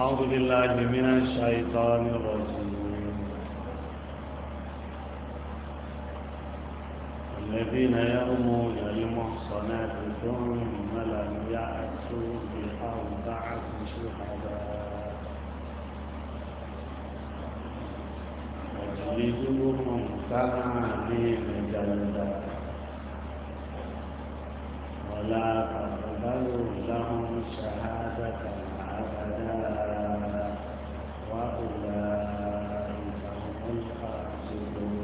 أعوذ بالله من الشيطان الرجيم الذين يرمون المحصنات ثم لم يأتوا بأربعة شهداء وجلدوهم ثمانين جلدا ولا تقبلوا لهم شهادة وأولئك هم الخاسرون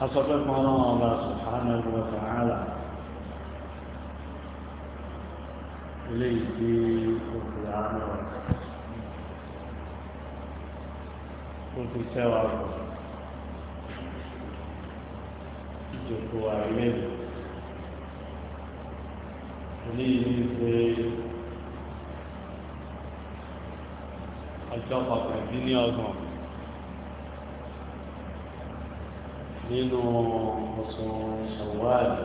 أصدق الله سبحانه وتعالى إليه في القرآن وفي السواق جوكوا إليه eléyìí ní pé ọjọ́ kọkàndínlọ́gbọ̀n nínú oṣù ṣàwáàlì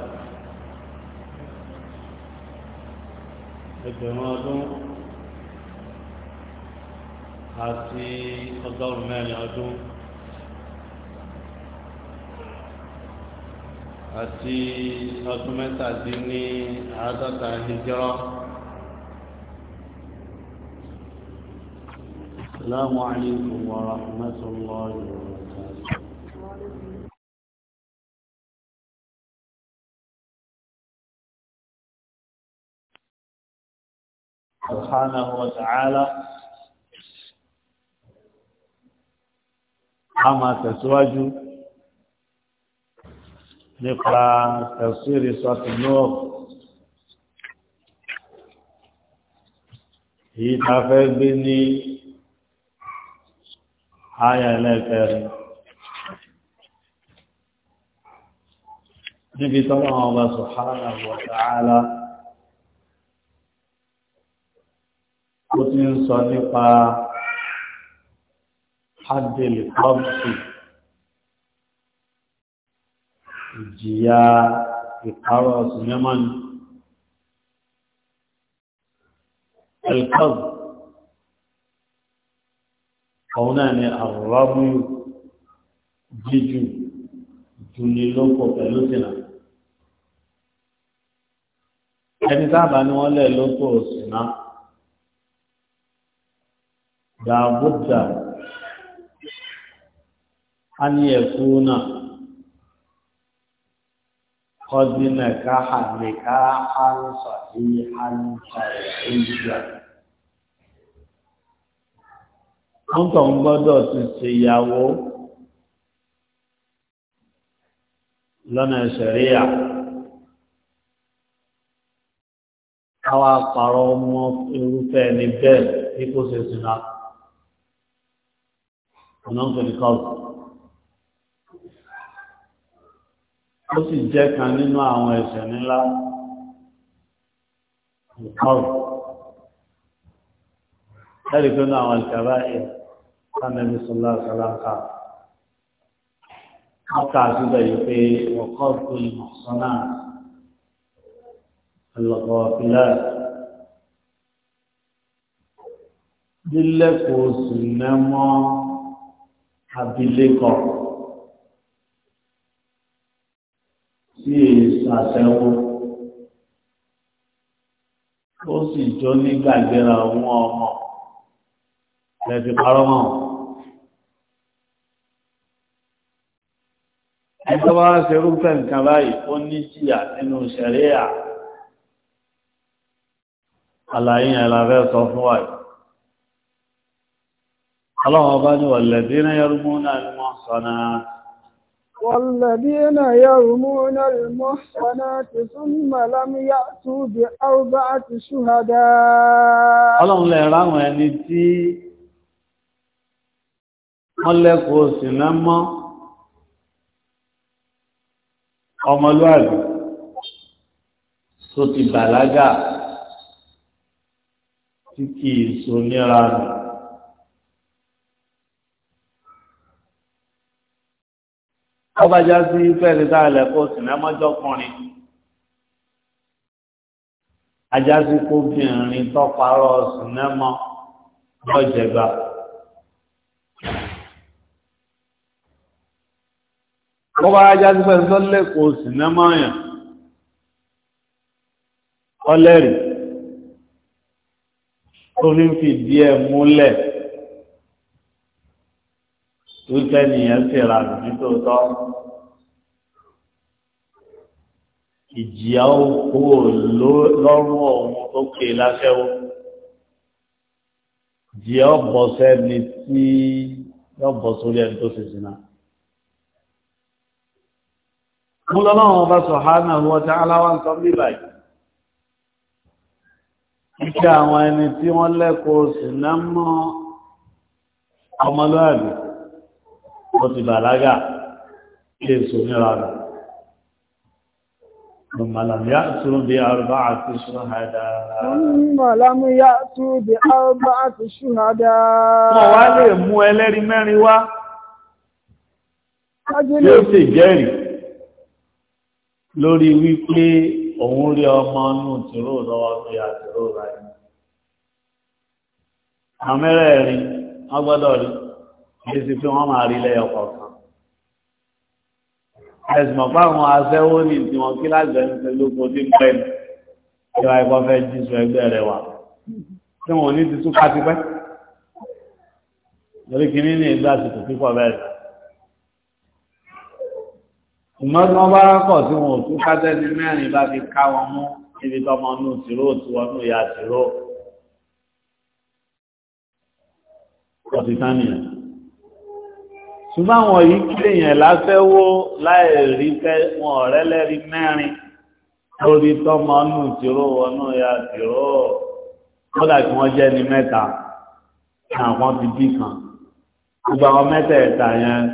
ẹgbẹ̀rún ọdún àti ọgọ́rùn-ún mẹ́rin ọdún. àti ọdún mẹ́tàdínní àádọ́ta hijira. السلام عليكم ورحمة الله وبركاته سبحانه وتعالى أما تسواجه nípa tẹ̀síìrì sọ́tìmọ́ èyí ta fẹ́ gbé ní ayà ẹlẹ́kẹrin níbi tọ́lọ́wọ́n ọba subhanahu wa ta'ala ó ti ń sọ nípa hadil kọ́bùsì ìjìyà ìparọ́ sinimani elkaz ọ̀hún náà ni àrọ́bùyù jíjù jùnilókò pẹ̀lú sínà ẹni sábà ni wọ́n lẹ̀ lókò sínà dàbúdà á ní ẹ̀kú náà kọ́dínà káhà ní káhà ń sàbí àǹtà ìṣẹ́jà. Wọ́n kàn gbọ́dọ̀ ti ṣèyàwó lọ́nà ìṣẹ̀ríyà. Káwá pàrọ̀ ọmọ irúfẹ́ ẹni bẹ́ẹ̀ bí kò ṣe sinmi. Ọ̀nà ń pè ní kọ́ọ̀tù. ó sì jẹ́ kan nínú àwọn ẹ̀ṣẹ̀ ńlá ìkọrù ẹ̀rì pé ní àwọn ìkàrá ẹ̀ sánẹ́bí sọlá sọláńkà wọ́n kà yìí pé ọkọ̀ tó ìmọ̀ sọ́nà ọlọ́kọ̀ ọ̀pìlẹ̀ lílẹ̀kùn oṣù mẹ́mọ́ abilékọ̀ọ́. tí èso àṣẹwó ó sì jọ nígbàgbéra wọn ọmọ lẹ́fi parọ́ mọ́. ẹjọ́ bá ṣe rúfẹ́ nǹkan báyìí ó ní jìyà nínú ṣẹ̀ríà àlàyé yẹn la sọ fún wa yìí. ọlọ́run ọba ní wọ̀lẹ̀dínlẹ́yẹrúmú náà ni wọ́n sọ náà. والذين يرمون المحصنات ثم لم يأتوا بأربعة شهداء ọlọ́run lè ráwọn ẹni tí wọ́n lẹ́kọ̀ọ́ sí lẹ́mọ́ ọmọlúwàbí tó ti bàlágà tí kìí so níra rẹ̀ ọba já sí fẹ́ẹ̀lì tá a lẹ̀ kó sìnà mọ́jọ́ kùnrin ajá sí kóbìnrin tó parọ́ sìnà mọ́ lọ́jẹ̀gbà. ọba ajá sí fẹ́ẹ̀lì kó sìnà mọ́ yàn tó ní fìdí ẹ̀ múlẹ̀ wípé nìyẹn sì ra àdùnní tó tọ́ ìjìyà òkú lọ́rùn ọ̀hún tó ké láṣẹ́wó ìjìyà ọ̀bọ̀ sẹ́ni tí yọ̀bọ̀ sórí ẹni tó ṣe sínú. Mú lọ́lọ́run ọba subhanahu wa ta'ala ń sọ bí báyìí. Ìkẹ́ àwọn ẹni tí wọ́n lẹ́kọ̀ọ́ sí náà mọ́ ọmọlúwàbí. ó ti bàlágà lè sọ níra rẹ̀ ثم لم يأتوا بأربعة شهداء ثم لم يأتوا wọ́n wá lè mú ẹlẹ́rìí mẹ́rin wá tí ó sì lórí wípé òun rí ọmọ inú tìró lọ́wọ́ tó yà tìró ráyé àmẹ́rẹ̀ẹ́rin wọ́n gbọ́dọ̀ rí ní sí pé wọ́n máa rí lẹ́yọ kọ̀ọ̀kan ẹ̀sùn mọ̀ fáwọn aṣẹ́wó ní tí wọ́n kí láti ẹni pé lóko tí ń pẹ́ ní kí wáyé kọ́ fẹ́ jí sọ ẹgbẹ́ rẹ̀ wà tí wọ́n ní ti túká ti pẹ́ lórí kìíní ní ìlú àsìkò pípọ̀ bẹ́ẹ̀ ìmọ̀ tí wọ́n bá rákọ̀ tí wọ́n túká tẹ́ni mẹ́rin bá fi ká wọn mú níbi tọ́mọ nù tìró tí wọ́n nù ya tìró ọ̀sìtánìyàn ṣùgbọ́n àwọn yìí kílè yẹn láfẹ́wó láìrí fẹ́ wọn ọ̀rẹ́ lẹ́rí mẹ́rin lórí tọ́mọ nù tìró wọnú ya tìró kódà kí wọ́n jẹ́ ní mẹ́ta àwọn ti bí kan gbogbo àwọn mẹ́tẹ̀ẹ̀ta yẹn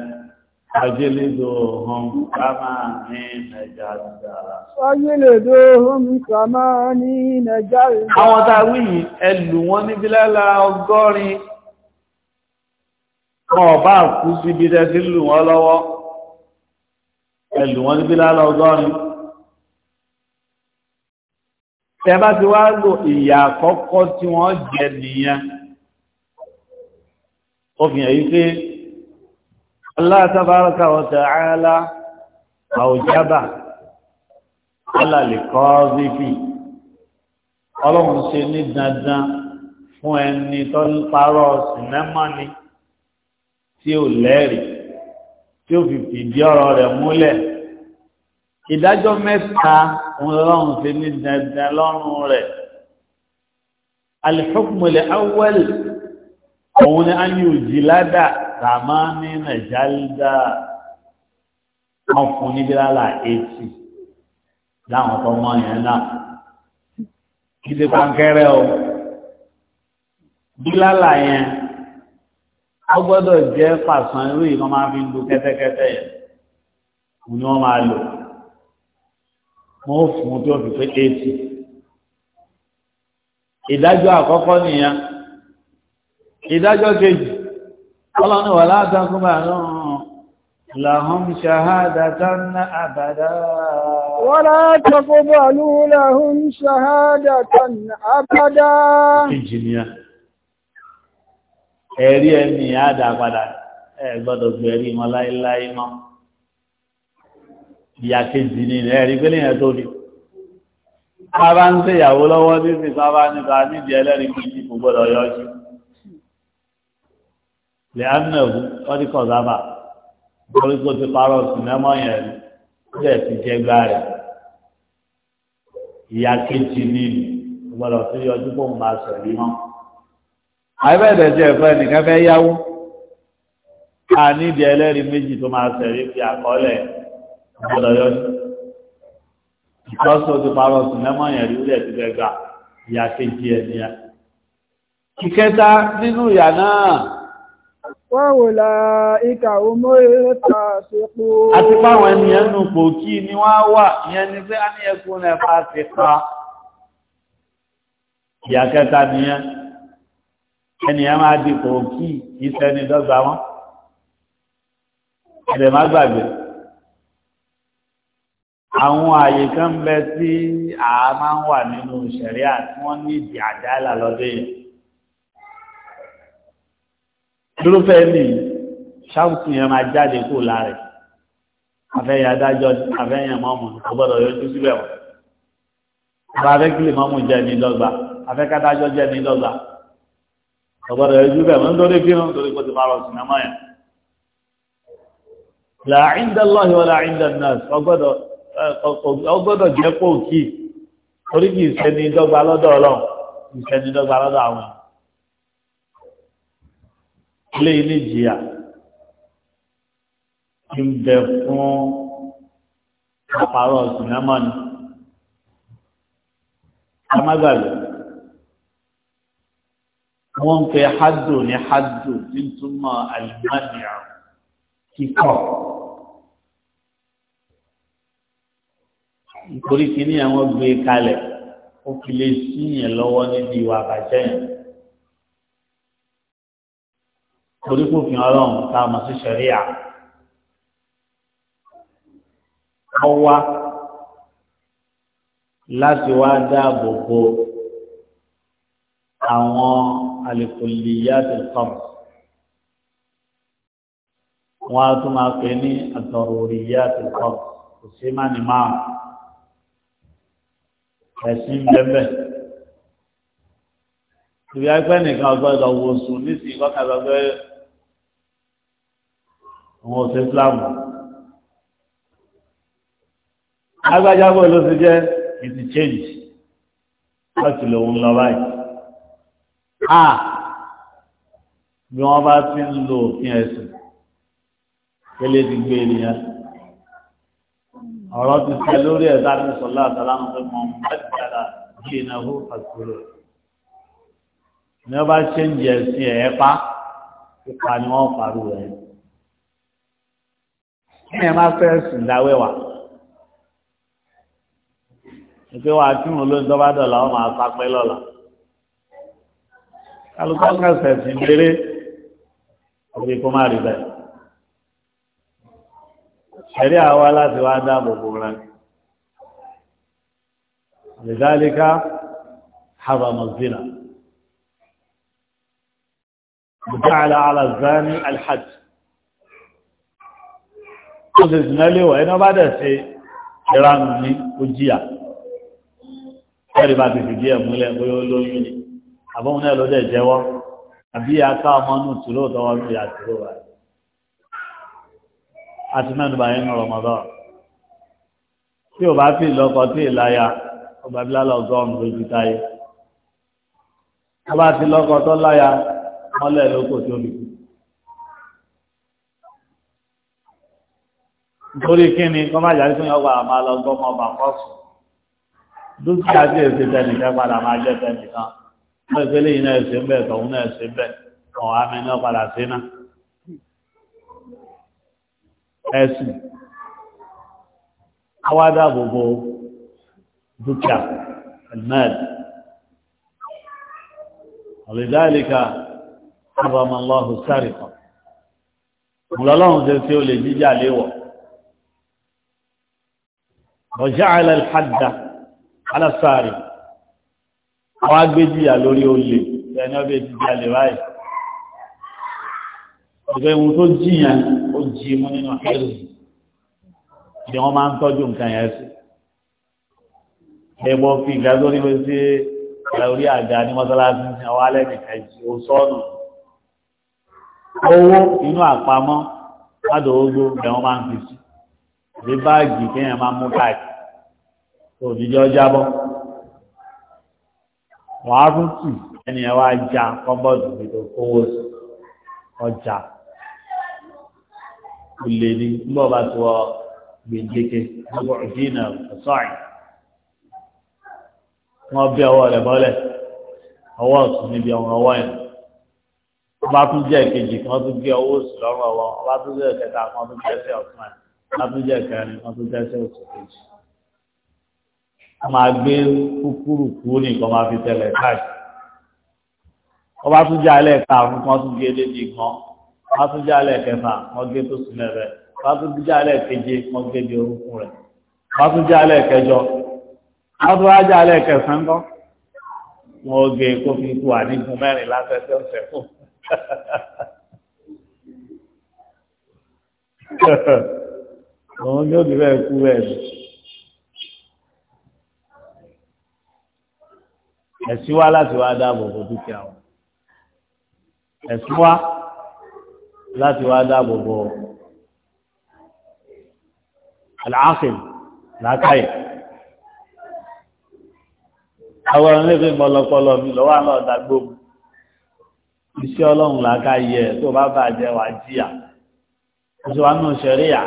Ajélédò hàn kàmá ní Nàìjíríà. Ajélédò hàn kàmá ní Nàìjíríà. Àwọn tá a wí yìí, ẹlù wọn ní bílálà ọgọ́rin ọba kú síbi tẹ́sí lù wọ́n lọ́wọ́ ẹlù wọ́n níbi lálọ́ ọgọ́rin tẹ bá ti wá lò ìyà àkọ́kọ́ tí wọ́n jẹ nìyẹn obìnrin yìí pé Allah tabaraka wa ta'ala àwùjábà alàlẹ́kọ́ bíbí ọlọ́run ṣe ní dandan fún ẹni tó ń parọ́ sinẹ́mọ́ ni tí ó lẹ́rìí tí ó fi fìdí ọ̀rọ̀ rẹ̀ múlẹ̀ ìdájọ́ mẹ́ta ọlọ́run ti ní dandan lọ́rùn rẹ̀ alihukmule awẹ́l òun ni a ní òjìládà tàmá ní nàìjíríà wọn fún ní bíláàlà etí láwọn tó mọ yẹn náà kí ti pankẹ́rẹ́ o bíláàlà yẹn wọ́n gbọ́dọ̀ jẹ́ pàṣán irú yìí wọ́n máa fi ń lu kẹ́tẹ́kẹ́tẹ́ yẹn òun ni wọ́n máa lò wọ́n fún un tó fi pé eighty ìdájọ́ àkọ́kọ́ nìyẹn ìdájọ́ kejì ọlọ́ni wà látàkùnbà náà làhùn ṣàhádà tánà àbàdà wọ́lá tàkùnbà lú làhùn ṣàhádà ẹ̀rí ẹni àdá padà ẹ gbọ́dọ̀ gbé ẹ̀rí mọ́ láéláé mọ́ ìyá kejì ni ẹ̀rí pé lèyàn tó ni bàbá ń ṣe ìyàwó lọ́wọ́ níbi sábà nípa nídìí ẹlẹ́rìí kejì kò gbọ́dọ̀ yọjú lè amúnẹ̀wù ọdí kọ̀ọ̀sábà lórí kó ti parọ́ sí mẹ́mọ́ yẹn rí ó ti jẹ́ gbá rẹ̀ ìyá kejì ni gbọ́dọ̀ tó yọjú kó máa sọ̀rí mọ́ àbẹ̀dẹ̀ tí ẹ̀fẹ́ nìkan fẹ́ yáwó a nídìí ẹlẹ́rìí méjì tó máa sẹ̀rí fi àkọọ́lẹ̀ ọ̀dọ̀ yọ ní ìtọ́sọ ti parọ́ sùn lẹ́mọ̀ yẹn rí orí ẹ̀sìn gbẹ̀gbà ìyá kejì ẹ̀ níyà. ìkẹta nínú ìyá náà. wáwo la ìka omo eré ta ṣe pé. àti báwọn ènìyàn nù pò kí ni wọ́n á wà ìyẹn ni pé a ní ẹkùn rẹ̀ bá ti pa ìyá kẹta nìyẹn ẹni ẹ máa di kò kí iṣẹ́ ni dọ́gba wọn ẹ̀dẹ̀ má gbàgbé àwọn àyè kan bẹ tí a máa ń wà nínú ṣẹ̀ríà tí wọ́n ní ìdí àdáàlà lọ́dọ̀ yẹn dúrófẹ́ ní ṣáàtì yẹn máa jáde kó láàrẹ̀ afẹ́yìn adájọ́ afẹ́yìn mọ́mù ọgbọ́dọ̀ yọjú síbẹ̀ wọ́n bá fẹ́ kílè mọ́mù jẹ́ ní dọ́gba afẹ́kádájọ́ jẹ́ ní dọ́gba ọgbọ́dọ̀ ẹjú bẹ́ẹ̀ mọ́ nítorí kí wọ́n torí kó ti máa rọ sinimá yẹn. làáìndà lọ́hìn wọn làáìndà nọ́ọ̀sì ọgbọ́dọ̀ jẹ́ pọ̀ kí torí kì í ṣẹni dọ́gba lọ́dọ̀ ọlọ́run kì í ṣẹni dọ́gba lọ́dọ̀ àwọn wọ́n ń pe haddo ní haddo tí ń túmọ̀ alimania kíkọ́ nítorí kíní àwọn gbé kalẹ̀ ó fi lè sí yẹn lọ́wọ́ níbi ìwà àbàjẹ́ yẹn torí kò fi ọlọ́run tá a mọ̀ sí sẹ́ríà ọwá láti wá dáàbò bo àwọn alìkòlìyàtì kọ́mù wọ́n á tún máa pè ní àtọ̀rọ̀rìyàtì kọ́mù kò sí má ní máa ẹ̀sìn bẹ́ẹ̀ ìwé ẹgbẹ́ nìkan ọgbọ́dọ̀ wo sùn nísìnyí kọ́kàtà pé àwọn òṣèlú Islam agbájábọ̀ ló ti jẹ́ it change láti lòun lọ báyìí à bí wọ́n bá ti ń lo òfin ẹ̀sìn kélé ti gbé ènìyàn ọ̀rọ̀ ti sẹ lórí ẹ̀dá ní sọ̀lá àtàlámù pé mọ̀ mọ́tìkàlà bí ìnáwó àkúrò ní wọ́n bá ṣe ń jẹ sí ẹ̀ pa ipa ni wọ́n parí rẹ̀ kí ẹ má fẹ́ sùn dáwẹ́wàá ìpé wa kí wọn lóyún tó bá dọ̀la wọn máa sapẹ́ lọ́la alùpàkà sẹ̀sì lérè òbí kó má rí bẹ́ẹ̀. ẹ̀rí àwa láti wá dáàbò bò rẹ̀. àlìdáríkà habamazina. جعل على الزاني الحد ó sì sì náà léwọ̀ ẹni ọba dẹ̀ ṣe ìranù ní bá ti fìdí ẹ̀ múlẹ̀ bóyá olóyún ni àbọ̀n náà ló dẹ̀ jẹ́wọ́ àbí aká ọmọ inú tùló tọwọ́ bí àtúrò wa a ti mẹ́nu báyìí ń rọmọdọ́ tí ò bá fi lọ́kọ tí ì láya ọba bí lálọ́ ọgọ́rùn-ún lójú táyé ọba ti lọ́kọ tó láya mọ́lẹ̀ lóko tóbi torí kíni kọ́ máa jàrí fún ọgbà àmà lọ gbọ́mọ ọba kọ́sù dúkìá sí èsì tẹnìkan padà máa jẹ́ tẹnìkan wọ́n ìpele yìí náà ṣe ń bẹ̀ tọ̀hún náà ṣe bẹ̀ ọ̀hún àmì náà padà sí náà ẹ̀sìn awádà gbogbo dúkìá almad ọ̀lẹ́dáìlìkà abamọ́láhù sáríkà ọlọ́lọ́run àwọn agbéjìyà lórí olè ẹni ọbẹ̀ ti di alè báyìí ọ̀gbẹ́ ohun tó jìyàn ó jí mú nínú ẹ̀rù ni wọ́n máa ń tọ́jú nǹkan yẹn sí ẹ̀bọ̀ fi ìgbà tó ní wọ́n sí orí àga ní mọ́sálásí ní àwọn alẹ́ nìkan jí ó owó inú àpamọ́ ládòógbò ni wọ́n máa ń fi sí ìdí báàgì kéèyàn máa mú káàkiri òdìjọ́ jábọ́ wọ́n á tún tì ẹni ẹ̀ wá já kọ́bọ̀dù mi tó kówó ọjà olè ní nígbà bá ti wọ gbèdéke lọ́gbọ̀ ìdínà ọ̀sọ́ọ̀ì wọ́n bí ọwọ́ rẹ̀ bọ́lẹ̀ ọwọ́ ọ̀tún níbi ọmọ ọwọ́ yẹn ọba tún jẹ́ ìkejì kan tún gé ọwọ́ òsì lọ́rùn ọwọ́ ọba tún jẹ́ ìkẹta kan tún jẹ́ ẹsẹ̀ ọ̀tún ẹ̀ ọba tún jẹ́ ìkẹrin kan tún jẹ́ ẹsẹ̀ òsì kejì a máa gbé kúkúrú kú ní nǹkan máa fi tẹ̀lẹ̀ káàkiri wọ́n bá tún jẹ́ alẹ́ ẹ̀ka àrùn kan tún gé lédi gan wọ́n bá tún jẹ́ alẹ́ ẹ̀kẹfà wọ́n gé tó sùn lẹ́rẹ̀ wọ́n bá tún jẹ́ alẹ́ ẹ̀keje wọ́n gé di orúkún rẹ̀ wọ́n bá tún jẹ́ alẹ́ ẹ̀kẹjọ wọ́n tún wá jẹ́ alẹ́ ẹ̀kẹsàn gan wọ́n gé kó fi kú àníkún mẹ́rin lásẹ̀sẹ̀ ọ̀sẹ̀ fún òun yóò di bẹ́ẹ̀ kú bẹ́ẹ̀ ẹ̀sìn wá láti wá dáàbò bo dúkìá wọn ẹ̀sìn wá láti wá dáàbò bo àlàáfíà làákàyè àwọn onífẹ́ mọlọpọlọ mi lọ́wọ́ àná ọ̀dàgbò iṣẹ́ ọlọ́run làákàyè tó bá bàjẹ́ wà jìyà oṣù wa náà ṣẹ̀ríyà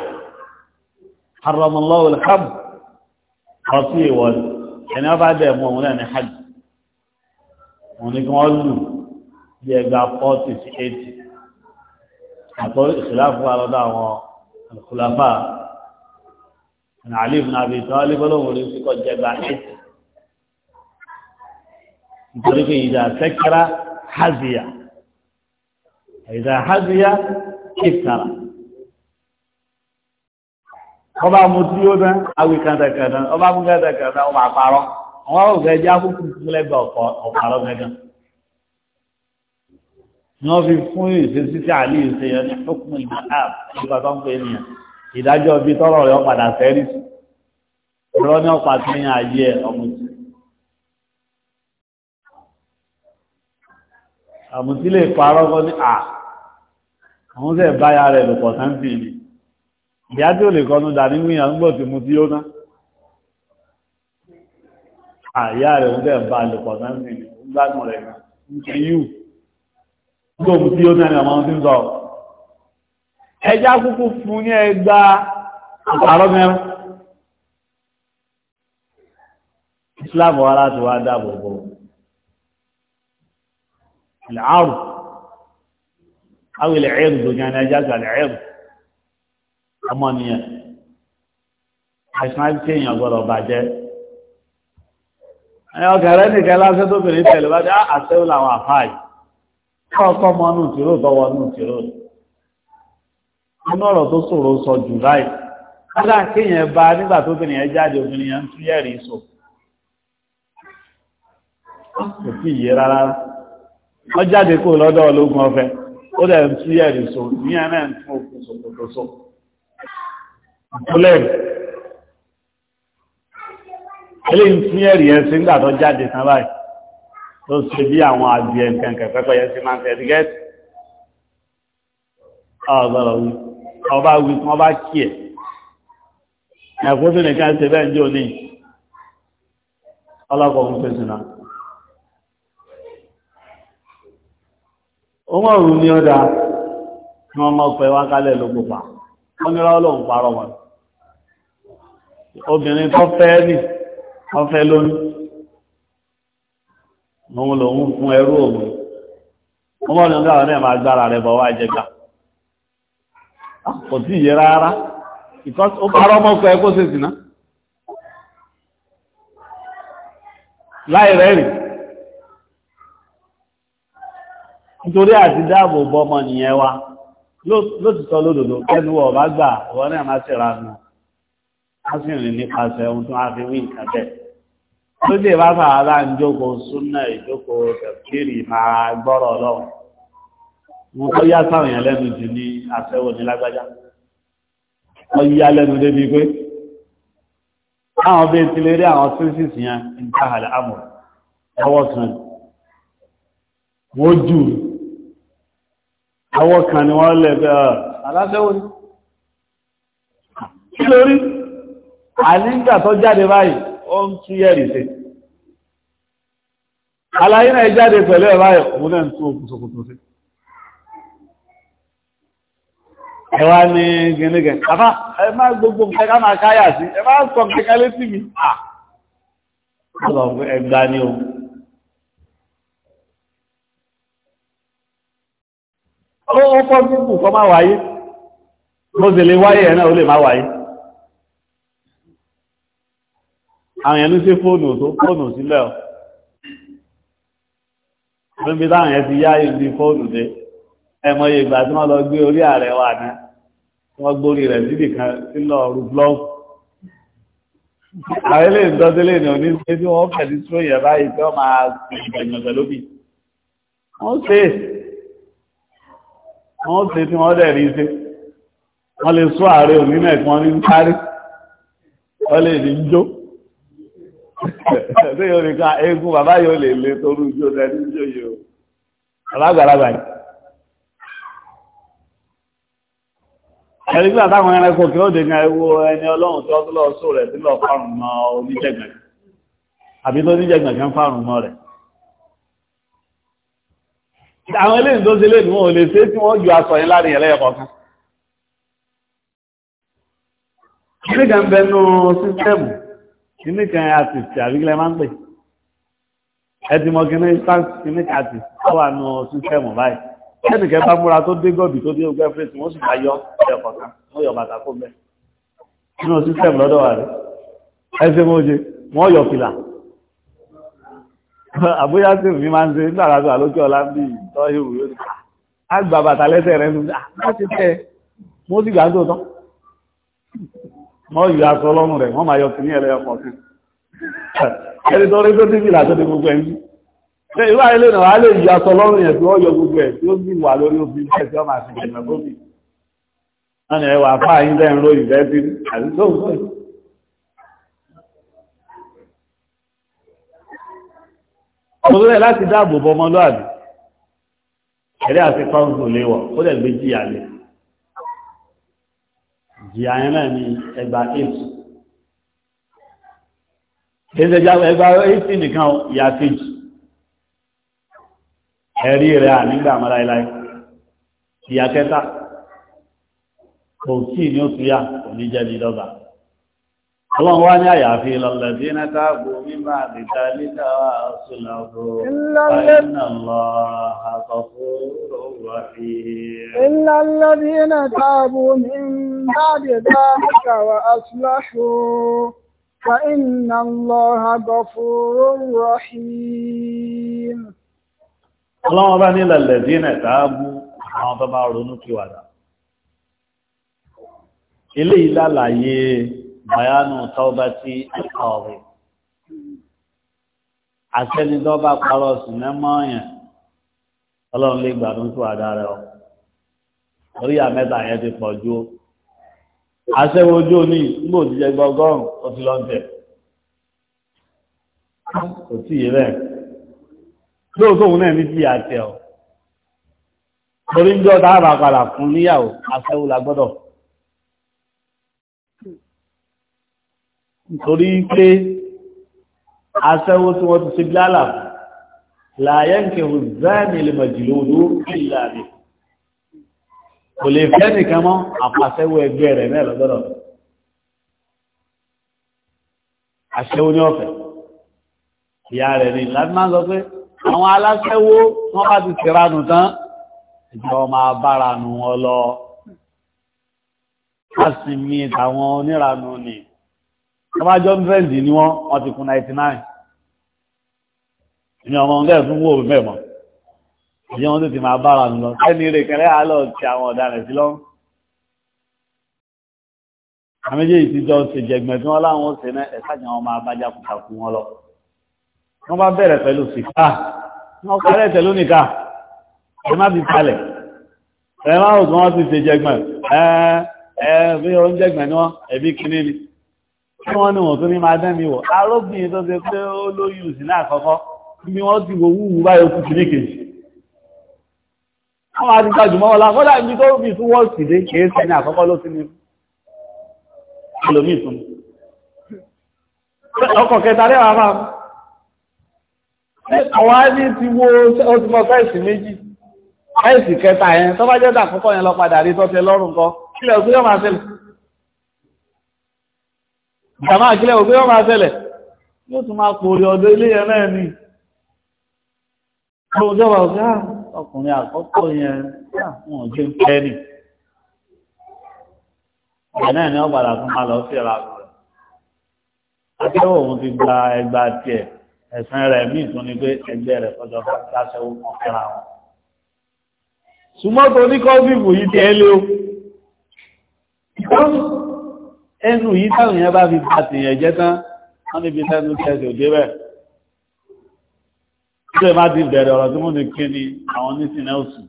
haramallahu alhamd ọtí ìwọ̀n ẹni ọba dẹ̀ mọ́ òun náà ní hajj wọn ni kí wọ́n lù bí ẹgbà fọ́tì sí eighty àtọ́ ìṣìláfù alọ́dọ̀ àwọn alùpùlàfà ẹ̀nà àlìf náà bí tọ́ alẹ́bọ́lọ́wọ́ orí kíkọ́ jẹgba nítorí pé ìdá haziya ìdá haziya kíkàrà ọba mutí yóò dán awi kàtàkàtà ọba mú kàtàkàtà ọba àwọn ọ̀gá ẹja kúkú lẹ́gbẹ̀ẹ́ ọ̀pọ̀ ọ̀pàrọ̀ gẹ́gẹ́ ni wọ́n fi fún ìṣesí siti àlè ìṣe yẹn ní fúnkún ìgbà áàpù nípa tó ń pè ní ìdájọ́ bíi tọ́rọ̀ rẹ̀ ọ̀padà sẹ́rí ìrọ́ ní ọ̀pá tí ń ayé àmùtí lè parọ́ kọ́ ní à àwọn báyà rẹ̀ lòpọ̀ sáńtì ni ìyá tí ò lè kọ́nu dà àyà rẹ̀ ń bẹ̀ bá lè pọ̀ náà nìyí ń gbádùn rẹ̀ ń ṣe yù gbòm tí ó náà ọmọ tí ń sọ ẹjá kúkú fún ní ẹgbà àpàrọ mẹ́rin ìlàárù àwọn ẹ̀rù gbogbo ní ẹjá gbà ẹ̀rù ọmọ nìyẹn àìsàn àti èèyàn gbọ́dọ̀ bàjẹ́ ọkàrẹ́ nìkan lásẹ́ tó bèèrè tẹ̀lé bá dá ah, àṣẹ́wò làwọn àfáàì kọ́ọ̀kọ́ mọ́ nù tìró tọwọ́ nù tìró inú ọ̀rọ̀ tó ṣòro sọ jù láì kọ́dà kéèyàn bá nígbà tó bèèrè yẹn jáde obìnrin yẹn ń tú yẹ̀rì sọ kò sí iye rárá wọ́n jáde kó lọ́dọ̀ ológun ọ̀fẹ́ ó dẹ̀ ń tú yẹ̀rì sọ ìyẹn náà ń tún òkú sòkòtò sọ eléyìí tí ẹ̀rì yẹn sí nígbà tó jáde tán báyìí tó ṣe bí àwọn àbí ẹ̀ǹkẹ̀ǹkẹ̀ pẹ́pẹ́ yẹn sí máa ń tẹ̀lé gẹ́ẹ̀tì ọ̀gọ́rọ̀ wí ọba wí kí wọ́n bá kí ẹ̀ ẹ̀kú sí nìkan ṣe bẹ́ẹ̀ jò ní ọlọ́pọ̀ ń pèsè náà ó mọ̀ rú ní ọ̀dà tí wọ́n mọ̀ pẹ́ wákálẹ̀ ló pupa wọ́n ní ráwọ́ parọ́ wọn obìnrin tó fẹ́ nìí wọ́n fẹ́ lóyún lòun fún ẹrú òun wọ́n mọ́ ní ọjọ́ àwọn rẹ̀ bọ̀ wá jẹgbà kò tí yẹ rárá because parọ́ mọ́kọ ẹ kó sì láì rẹ́rìn nítorí àti dáàbò nìyẹn wa ọ̀bá gbà nù sì rìn nípasẹ̀ ohun tó fi wí tó lè bá sàárà ń jókòó súnà ìjókòó tẹ̀kírì máa gbọ́rọ̀ lọ́wọ́ mo kọ́ yá sáwọn èèyàn lẹ́nu jù ní àṣẹwò ní lágbájá wọ́n yá lẹ́nu débi pé àwọn bíi ti lè rí àwọn sínsìsì yẹn ń ká àlẹ́ àmọ̀ ọwọ́ kan wọ́n jù ọwọ́ kan ni wọ́n lẹ̀ bẹ́ẹ̀ aláṣẹ́wò ni kí lórí àníńgbà tó jáde báyìí ó ń tú yẹ̀rì sí aláyé náà jáde pẹ̀lú ẹ̀ báyọ̀ òun náà ń tú okùn ṣòkòtò sí ẹwà ní gẹnigẹn àfá ẹ má gbogbo nǹkan ká máa káyà sí ẹ má sọ nǹkan ká létí mi ẹgbà ni o ó kọ́ púpù kọ́ máa wáyé ó sì wáyé ẹ̀ náà ó lè máa wáyé àwọn ẹni sí fóònù tó fóònù sílẹ̀ ọ̀ níbi táwọn ẹni ti yá ibi fóònù dé ẹmọ iye ìgbà tí wọ́n lọ gbé orí ààrẹ wà ní wọ́n gbórí rẹ̀ sídì kan sílọ̀ ọ̀rù blọ́ọ̀kù àwọn ilé ìdọ́délé ni òní ṣe tí wọ́n fẹ̀ sí tó yẹ báyìí tí wọ́n máa gbẹ̀yàn pẹ̀lóbì wọ́n ṣe wọ́n ṣe tí wọ́n dẹ̀ rí ṣe wọ́n lè sọ ààrẹ òní náà kí wọ́n ní ń kárí wọ́n lè ní ń jó ṣé yóò ní ká eégún bàbá yóò lè lé torú ijó dání ijó yìí o alágbàlagbà yìí. ẹ̀rí gbà táwọn ẹranko kí ó dé ní ẹwọ ẹni ọlọ́run tó lọ sóò rẹ̀ tí lọ fárùn mọ́ oníjẹ̀gbọ̀n àbí tó níjẹ̀gbọ̀n kan fárùn mọ́ rẹ̀. àwọn eléyìí tó ṣe lé níwọ̀n ò lè ṣe tí wọ́n ju aṣọ yẹn láàrin ẹlẹ́yẹ kọ̀ọ̀kan. kíríkà ń bẹnu sísẹ́mù kíní kan artist àbíkílẹ̀ máa ń pè ẹtìmọ̀ kíní instance kíní artist káwà nù sísẹ́mù báyìí ẹnìkẹ́ bá múra tó dé gọ́bì tó dé ogún ẹ̀fẹ́sì wọ́n sì máa yọ ẹ̀ kọ̀ọ̀kan wọ́n yọ bàtà kó mẹ́ nínú sísẹ́mù lọ́dọ̀ wa rẹ̀ ẹsẹ̀ mọ́jẹ wọ́n yọ fìlà àbúyá sì fi máa ń ṣe nígbà tó wà lókè ọ̀la bí ìtọ́ ìwúrí ó ti ah, gbà bàtà lẹ́sẹ̀ rẹ̀ nù ah, wọ́n yọ aṣọ ọlọ́run rẹ̀ wọ́n máa yọ kìí ẹlẹ́yọ kọ̀ọ̀kan ẹni tó tó dìbì láti di gbogbo ẹni ṣe ìwà ilé náà wà lè yọ aṣọ ọlọ́run yẹn tí wọ́n yọ gbogbo ẹ̀ tí ó wà lórí obìnrin bẹ́ẹ̀ tí wọ́n máa ṣe ìgbìmọ̀ wọ́n fáà yín ń ro ìfẹ́ àti tó ń sọ̀rọ̀ láti dáàbò bọ ọmọlúwàbí àti léwọ̀ ó dẹ̀ gbé jìyà jìyà yẹn náà ní ẹgbà eight kéde jáwé ẹgbà eight nìkan ìyá kejì ẹ̀rí rẹ̀ à nígbà mọ́ láéláé ìyá kẹta kò tí ní ó fi yá kò ní jẹ́ ní dọ́gba. Ọlọ́run wá ní àyàfi lọ́lọ́dí ní káàkù mímọ̀ àdìta líta ṣùlọ́gbò ọ̀rìnàlọ́ àkọ̀fóró wà fi. Ìlọ́lọ́dí ní káàkù mímọ̀ àdìta líta wà ṣùlọ́gbò ọ̀rìnàlọ́ àkọ̀fóró wà fi. Ọlọ́run bá ní lọ́lọ́dí ní káàkù àwọn tó bá ronú kíwàdà. Ilé ìlàlàyé bayanu tawbati alqadi àṣẹnidọ́ba parọ́ sí mẹ́mọ́ yẹn ọlọ́run lè gbàdún tó àdára ọ orí àmẹ́ta yẹn ti pọ̀ ju àṣẹwò ojú òní nígbà òjíjẹ gbọgọ́rùn ó ti lọ tẹ̀ kò tí ì rẹ̀ lóòótọ́ òun náà ní ti àtẹ̀ ọ torí ń jọ́ dáàbà padà fún níyàwó àṣẹwò la gbọ́dọ̀ nítorí pé aṣẹ́wó tí wọ́n ti ṣe bílálà láyé ń kẹwù zẹ́ẹ̀mì lè mọ̀jìlò odó ìlà rẹ̀ kò lè fẹ́ nìkan mọ́ àpàṣẹ́wó ẹgbẹ́ rẹ̀ náà lọ́dọ́dọ̀ aṣẹ́wó ní ọ̀fẹ́ ìyá rẹ̀ ni láti máa sọ pé àwọn aláṣẹ́wó wọ́n bá ti tìranù tán ìjọ máa bára wọn lọ a sì mi ìtàwọn oníranù nìí ọmájọ́ ndrẹ́ndì ni wọ́n wọ́n ti kún 99 ìyẹn ọmọ ọ̀gá ẹ̀fún wò bẹ́ẹ̀ mọ́ ìyẹn wọ́n tètè máa bára nù lọ ẹni rè kẹrẹ́ àlọ́ ti àwọn ọ̀daràn sí lọ́wọ́ àmẹ́jẹ́ yìí ti jọ ṣe jẹgbẹ́ tí wọ́n láwọn ó ṣe náà ẹ̀ka jẹ́ wọn máa bájá kùtàkù wọn lọ wọ́n bá bẹ̀rẹ̀ pẹ̀lú sìkà wọ́n parẹ́ tẹ̀lú nìka ẹ má fi kalẹ̀ ẹ má rò tí wọ́n ti ṣe ẹ ẹ bí oúnjẹ gbẹ̀ ni wọ́n ẹ̀bí kíní ni tí wọ́n ní wọ́n tó ní máa dán mi wọ̀ arógbìn tó ṣe pé ó lóyún sí náà kọ́kọ́ bí wọ́n ti wo wúwú báyìí kú sí níkejì wọ́n máa ti gbájú mọ́ ọlá kọ́dà ibi tó bí tún wọ́n sì dé kìí sẹ́ ní àkọ́kọ́ ló ti ní ẹlòmíì tún ọkọ̀ kẹta rẹ̀ wàá máa àwọn á ní ti wo ó ti mọ fẹ́ẹ̀sì méjì fẹ́ẹ̀sì kẹta yẹn tó bá jẹ́ dà kọ́kọ́ yẹn lọ padà rí tọ́tẹ lọ́rùn kọ́ kílẹ̀ òkú yóò máa ṣẹlẹ̀ ìjàmá àkílẹ̀ ògbé wọ́n máa tẹ́lẹ̀ yóò tún máa pòrí ọ̀dọ̀ ilé yẹn náà ni ọjọ́bà ọ̀gá ah, ọkùnrin àkọ́kọ́ yẹn àwọn ah, ọjọ́ ìpẹ́ nì ìyẹn náà ni ó padà tún máa lọ sí ẹ̀rọ àgbọ̀ rẹ̀ akẹ́wọ̀ òun ti gba ẹgbà tiẹ̀ ẹ̀sìn rẹ̀ míì tún ni pé ẹgbẹ́ rẹ̀ fọjọ́ láṣẹwó kan fẹ́ra wọn ṣùgbọ́n tó ní yìí ti lé o ẹnu yìí táwọn èèyàn bá fi bá tìyàn jẹ́ tán wọ́n níbi sẹ́nu kẹsì òdé bẹ̀. tí ẹ bá ti bẹ̀rẹ̀ ọ̀rọ̀ tí mo ní kí ni àwọn onísìn náà sùn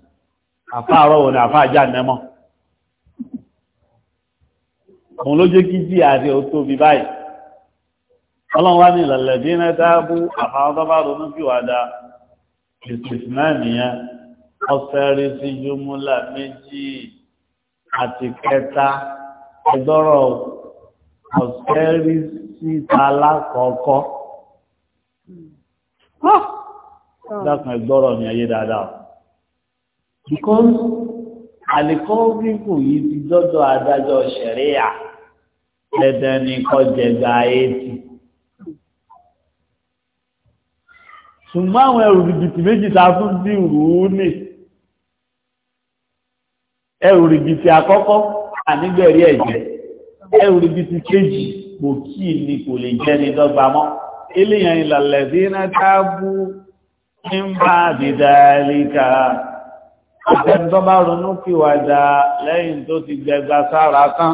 àfa àárọ̀ wò ni àfa àjà nẹ́mọ̀. òun ló jẹ́ kí jí àti ó tóbi báyìí. ọlọ́run wá ní ìlàlẹ̀ bí iná dáàbò àfàwọn tó bá ronú kí wàá da ìsìsì náà nìyẹn ọ̀sẹ̀ rí sí jùmúlà méjì àti kẹta ẹgbọ́rọ̀ ọ̀sẹ́rí síta alákọ̀ọ́kọ́. Dákan ẹgbọ́rọ̀ mi ayé dáadáa. Because àlèkọ́ fífò yìí ti dọ́dọ̀ adájọ́ ṣẹ̀ríyà dandan ni kọ́ jẹgba éètì. Ṣùgbọ́n àwọn ẹrù rìbìtì méjì ta fún bí rùú nì. Ẹrù rìbìtì àkọ́kọ́ ànígbẹ̀rí ẹ̀jẹ̀ ẹrù ibi ti kéjì kò kí ni kò lè jẹ́ ni dọ́gba mọ́ eléyàn ìlàlẹ̀ sí iná tábú ní ń bá àdìdáríkà ọ̀sẹ̀ni tó bá ronú kíwàdà lẹ́yìn tó ti gbẹgbà sára tán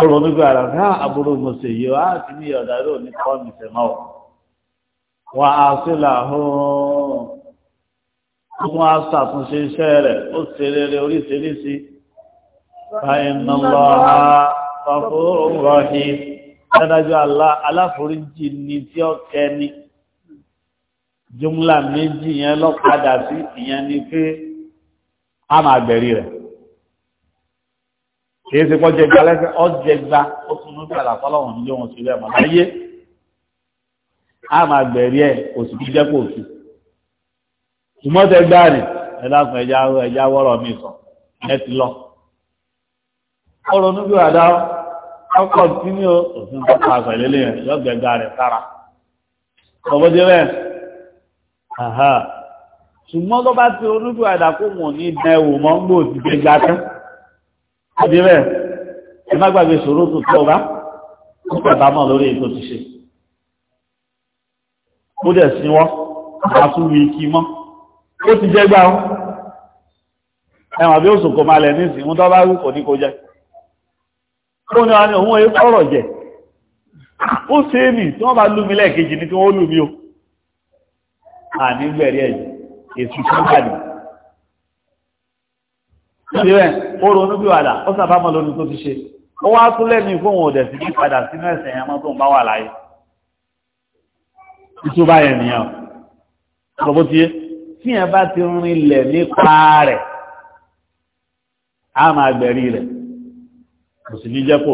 ọ̀rọ̀ nígbà rà ní àbúrò mọ̀sẹ̀ yìí wá sí ní ọ̀dàrí òní kọ́ mi sẹ̀mọ́ wà á sílà hóòó wọ́n á ṣàtúnṣe iṣẹ́ rẹ̀ ó ṣe rere oríṣiríṣi فإن الله غفور رحيم dájú aláforíjì ni tí ó kẹni jùmlà méjì yẹn lọ padà sí ìyẹn ni pé a máa gbẹ̀rí rẹ̀ kìí sí pọ́jẹgba lẹ́sẹ̀ ọjẹgba ó tún ní pẹ̀lá fọ́lọ́wọ̀n ní lóhun sí rẹ̀ mọ̀ láyé a máa gbẹ̀rí fún ẹja wọ́rọ̀ mi sọ ẹ ti lọ ọrọ̀ níbi àdá ọkọ̀ tí ní òfin pàtàkì àgbẹ̀lélẹ̀ yẹn lọ́gbẹ̀gbà rẹ̀ sára ọmọdé rẹ̀ àhà ṣùgbọ́n tó bá ti onúdú àdá kó mọ̀ ní ìdẹ́wò mọ́ ń gbò ti gbẹ̀gbà tán ọdí rẹ̀ ẹ má gbàgbé ṣòro tó tọ́ bá ó pẹ̀bá mọ̀ lórí ètò ti ṣe ó dẹ̀ sí wọ́n àtúwì kí mọ́ ó ti jẹ́gbà ẹ̀wọ̀n bí ó sòkò máa lẹ̀ ní ìsìn mú bá rú kò ní kó jẹ́ ó wọ́n ní òun èé kọ́rọ̀ jẹ ó ṣe é mì tí wọ́n bá lúmi lẹ́ẹ̀kejì ní tí wọ́n lúmi o àní gbẹ̀rí ẹ̀jẹ̀ èsù tí ó bàdì síbẹ̀ ó ronú bí wàdà ó sàbámọ́ lónú tó ti ṣe ó wá tún lẹ́mí fóun òdẹ̀ sí ní padà sínú ẹ̀sẹ̀ yẹn mọ́ tó ń bá wà láyé ìtúbà yẹn nìyẹn o lọ́bọ́ ti yé kò sì jẹ́ kó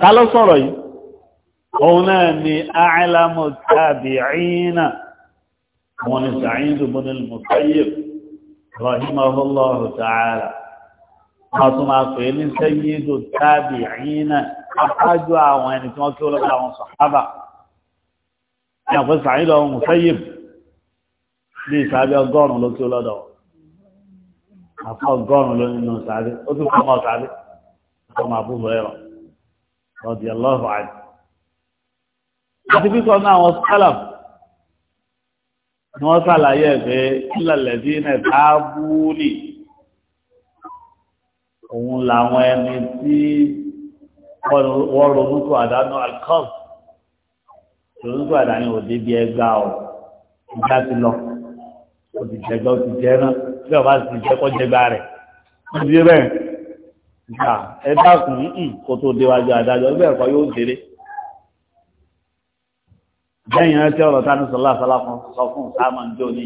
ta ló yìí ni a'lamu tabi'ina wọn ni Sa'id ibn al-Musayyib rahimahullahu ta'ala wọn tún máa pè ní tabi'ina apájú àwọn ẹni tí wọ́n kí olóògbé àwọn sàhábà ní àpò Sa'id ibn al ní ìsàbí ọgọ́rùn-ún ló kí ọmọ àbúrò ẹ̀rọ ọ̀dì ọlọ́run àti. àti pípọ̀ náà àwọn sálàm ni wọ́n sàlàyé ẹ̀fẹ́ kílọ̀lẹ́dí náà tábúlì òun làwọn ẹni tí wọ́n ronú tó àdánù alcohol ronú tó àdánù òde bíi ẹgbà ọ̀ ìjà ti lọ òdìjẹgbà òdìjẹ náà bí ọba ti jẹ́ kọ́ jẹgbà rẹ̀ ó di gbà ẹ dákun ń mm, kó tó déwájú adájọ́ ẹgbẹ́ ẹ̀kọ́ yóò déré lẹ́yìn rántí ọ̀rọ̀ tánú sọlá sọlá fún sọ fún sáàmà jọ ní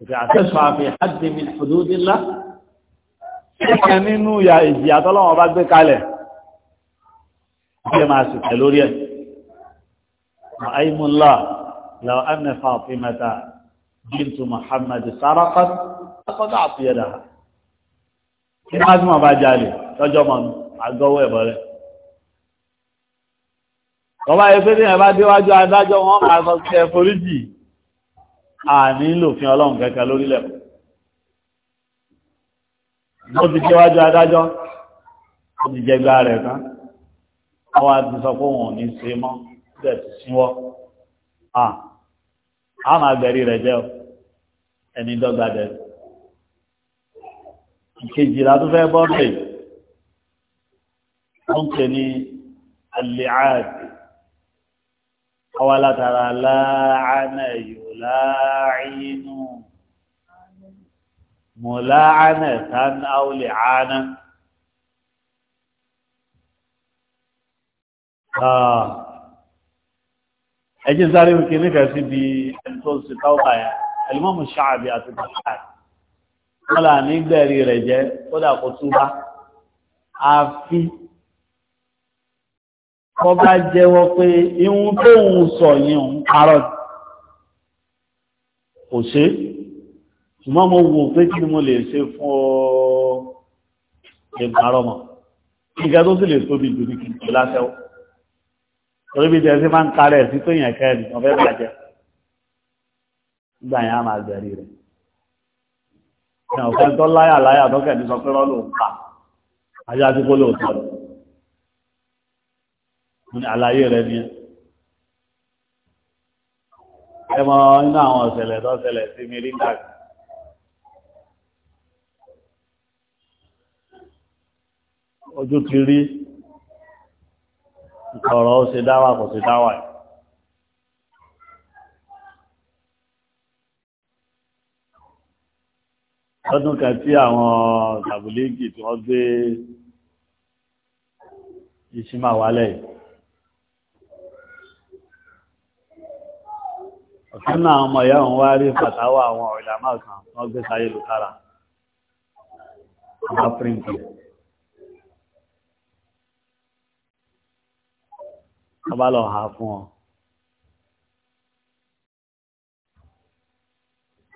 ìfẹ́ àtẹ́sọ àfi àdèmí òdúdínlá ẹ̀kẹ́ nínú ya ìjì àtọ́lọ́wọ́ bá gbé kalẹ̀ ẹ̀kẹ́ máa sì tẹ̀ lórí ẹ̀ ma'aimunla lọ anna fatimata bintu muhammad sarakat kí másùmọ̀ bá jalè lọ́jọ́ mọ̀ nù àgọ́wọ́ ẹ̀bọ̀ rẹ̀ tọ́ba yẹ pé tíyẹn bá déwájú adájọ́ wọn máa sọ sí ẹforíjì àní lòfin ọlọ́run kẹkẹ lórílẹ̀ mo ti déwájú adájọ́ ó ti jẹgbá rẹ̀ tán àwọn àti sọ pé wọn ò ní ṣe mọ́ bẹ́ẹ̀ ti síwọ́ a máa gbẹ̀rí rẹ̀ jẹ́ ẹni dọ́gba ìkejìlá tó fẹ́ bọ́ bẹ̀ wọ́n pè ní alìáàdì ọwọ́ látara láàánà yóò láàánú mọ̀ láàánà tán áwùlẹ̀ àánà ẹjí sáré òkè nífẹ̀ẹ́ sí bí ẹni tó ń sèkáwà ẹ̀ ẹ̀lùmọ́mù ṣáàbì àti bàtàkì wọ́n là nígbẹ̀rí rẹ̀ jẹ́ kódà kó túbá àfi kọ́ bá jẹ́wọ́ pé ihun tó ń sọ yìí ń parọ́ kò ṣe ṣùgbọ́n mo wò pé kí ni mo lè ṣe fún ọ ìparọ́ mọ̀ ìgbà tó sì lè tóbi jù ní kìkì lásẹ́wọ́ torí bí jẹ́ sí máa ń tarẹ̀ sí tó yẹn kẹ́rin ọ̀fẹ́ bàjẹ́ gbà yẹn á máa gbẹ̀rí rẹ̀ ní àwọn fẹ́ntọ́ láyà láyà tọ́kẹ̀ ní sọ pé rọ́ ló ń kà ajá tí kó ló tọ́ ní àlàyé rẹ̀ ní ẹ mọ nínú àwọn ọ̀sẹ̀lẹ̀ tó ṣẹlẹ̀ sí mi rí kàkì ojú ti rí ọ̀rọ̀ ó ṣe dáwà kò ṣe dáwà yìí lọ́dún kan tí àwọn tàbílẹ́gì tí wọ́n gbé ìṣímà wálẹ̀ ọ̀kan náà ọmọ ìyá òun wá rí fàtàwà àwọn ìlàmà kan wọ́n gbé sáyé lùkára wọ́n píríǹtì wọ́n bá lọ ha fún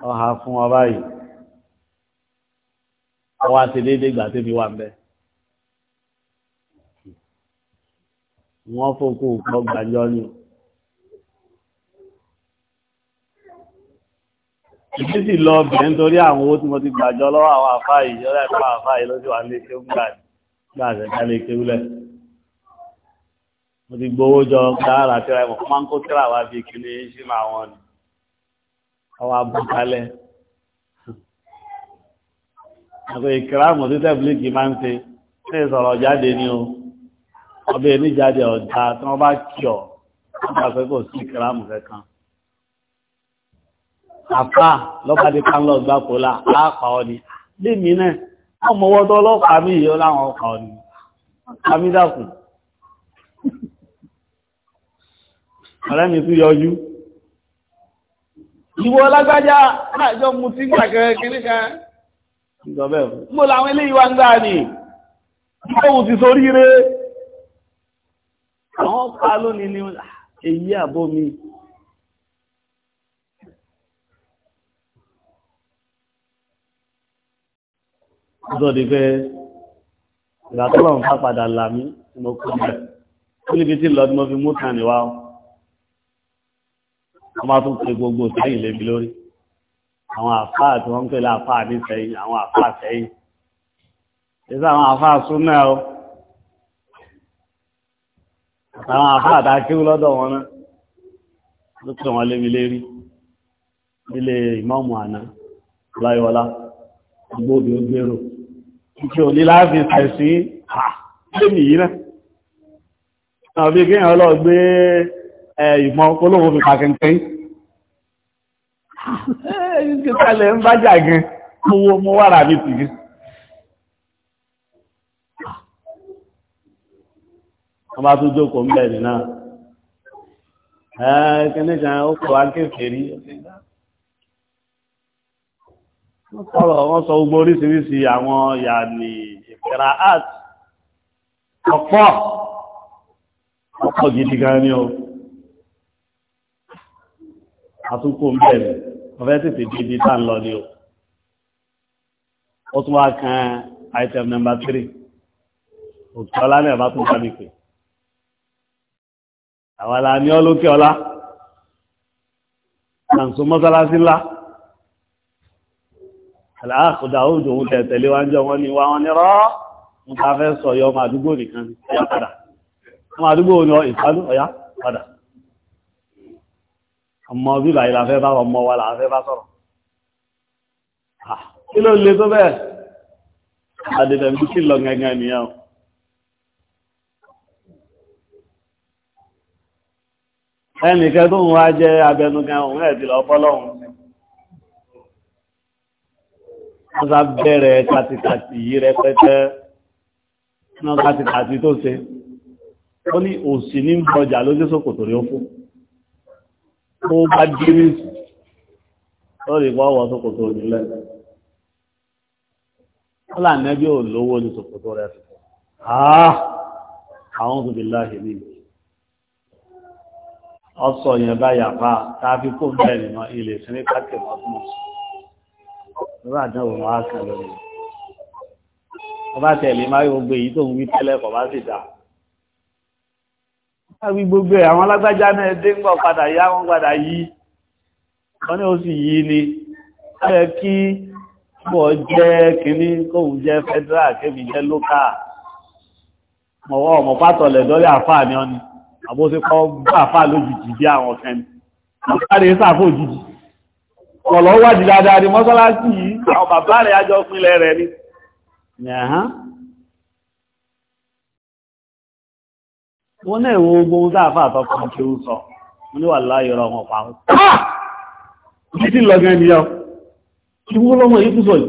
ọ ọ fún ọ báyìí àwọn àti déédéé gbà tẹ́mi wà mbẹ́. wọ́n fòkó kọ́ gbàjọ́ ni. ìdí sì lọ bẹ̀rẹ̀ nítorí àwọn owó tí mo ti gbàjọ́ lọ́wọ́ àwọn àfáà yìí ọ̀rẹ́ àti àfáà yìí ló ti wà ní kéwú gbà gbà àṣẹ̀dá lè kéwú lẹ̀. mo ti gbowó jọ dára tíra ẹ̀mọ̀ fún máa ń kó tíra wá bí kíní ṣí máa wọn ni. àwọn abúkálẹ̀ àti ìkìrámù tí tẹ́bílìkì máa ń ṣe ṣe sọ̀rọ̀ jáde ní o ọbẹ̀ níjáde ọ̀dà tí wọ́n bá kí ọ̀ nígbà pé kò sí ìkìrámù kankan àfà lọ́ba ti ká ń lọ gbà kó la láàpá ọ ni lémi náà wọ́n mọ ọwọ́ tó ọlọ́pàá mi yìí ó láwọn ọkọ̀ ọ ni àmì dàkùn ọ̀rẹ́ mi tún yọjú ìwọ lágbájá láìjọ mu tí gbàgẹ́rẹ́ kìnnìkan ìjọbẹ̀ mo làwọn eléyìí wá ń gbà ní ìfọ́hùn ti sórí rẹ̀ àwọn pa lónìí ni èyí àbọ́ mi ọdọ́dì pé ìgbàtọ́lọ̀ ń fà padà làmí mo kú bẹ̀ ó níbi tí lọ́dún mo fi mú tàn níwá ọmọ tó pe gbogbo sẹ́yìn lébi lórí àwọn àfá àti wọ́n ń pè láàfá ní sẹ́yìn àwọn àfá sẹ́yìn ìsá àwọn àfá súnmọ́ ọ àwọn àfá àtàkíwú lọ́dọ̀ wọn náà ló pè wọ́n lémi lérí nílé ìmọ̀ọ̀mù àná láyọ̀ọ́lá gbóòdì ó gbèrò ìkí òní láti sàìsí à lémi yìí náà náà bí kéèyàn lọ gbé ìmọ̀ olóhùn fi kàkẹ́kẹ́ ẹni tí kalẹ̀ ń bá jà gan owó mú wàrà mi tì í. wọ́n bá tún jókòó ńbẹ̀ ní náà ẹ̀ kíní kan ó kọ̀ akéfèé rí wọ́n sọ̀rọ̀ wọ́n sọ gbogbo oríṣiríṣi àwọn yàní ìfẹ́ra art ọ̀pọ̀ ọ̀pọ̀ gidi gan ni o àtúnkò ń bẹ̀rẹ̀ wọ́n fẹ́ tètè dé ibi tá ń lọ ni o ó tún wá kan item number three òkè ọlá náà bá tún sábì pé àwọn àlà ni ọlókè ọlá àǹsọ mọ́sálásí ńlá àlàáfùdà òjò òun tẹ̀tẹ̀lé wá ń jọ wọn ni wá wọn ní rọ́ ń ta fẹ́ sọ yọ ọmọ àdúgbò nìkan ní ọyá padà ọmọ àdúgbò ní ìfánú ọyá padà ọmọ bíbà yìí láfẹ́ bá ọmọ wa láfẹ́ bá sọ̀rọ̀ kí ló lè tó bẹ́ẹ̀ àdìdẹ̀mí kí lọ gẹ́gẹ́ nìyàn ẹnìkẹ́ tó ń wá jẹ́ abẹnugan òun ẹ̀ ti lọ bọ́lọ́hun wọ́n sá bẹ̀rẹ̀ kàtìkàtì yìí rẹpẹtẹ náà kàtìkàtì tó ṣe ó ní òsì ní bọjà lójú sókòtò rí ó fún tó bá dírí lórí ìwọ́wọ́ tó kòtò nílẹ̀ ó là nẹ́bí ò lówó ní tòkòtò rẹ̀ àwọn òbí láàyè ní ọ̀sọ̀ yẹn bá yàpá tàbí kó bẹ́ẹ̀ nìmọ̀ ilé sí ní kákẹ̀ mọ́tún lórí àdánwò wọn á kàn lórí ọba tẹ̀lé máa yóò gbé èyí tó ń wí tẹ́lẹ̀ kọ̀ bá sì dáa àbí gbogbo ẹ̀ àwọn alágbájá náà dé ń gbọ́ padà yá wọ́n padà yí wọ́n ní ó sì yí ni ẹ kí pọ̀ jẹ́ kìíní kóhùn jẹ́ federal kébì jẹ́ local mọ̀wọ́ ọmọ pátọ̀lẹ̀ lórí àfáà ni ọ́ni àbóṣe kọ́ bá àfáà lójijì bí àwọn kẹni àfáàrí wọ́n náà wo gbogbo sáàfà àtọ́kùn tí ó sọ wọ́n ní wà láyọ̀rọ̀ wọn pa ó tí lọ gan nìyàn kí wọ́n lọ́mọ yìí tún yìí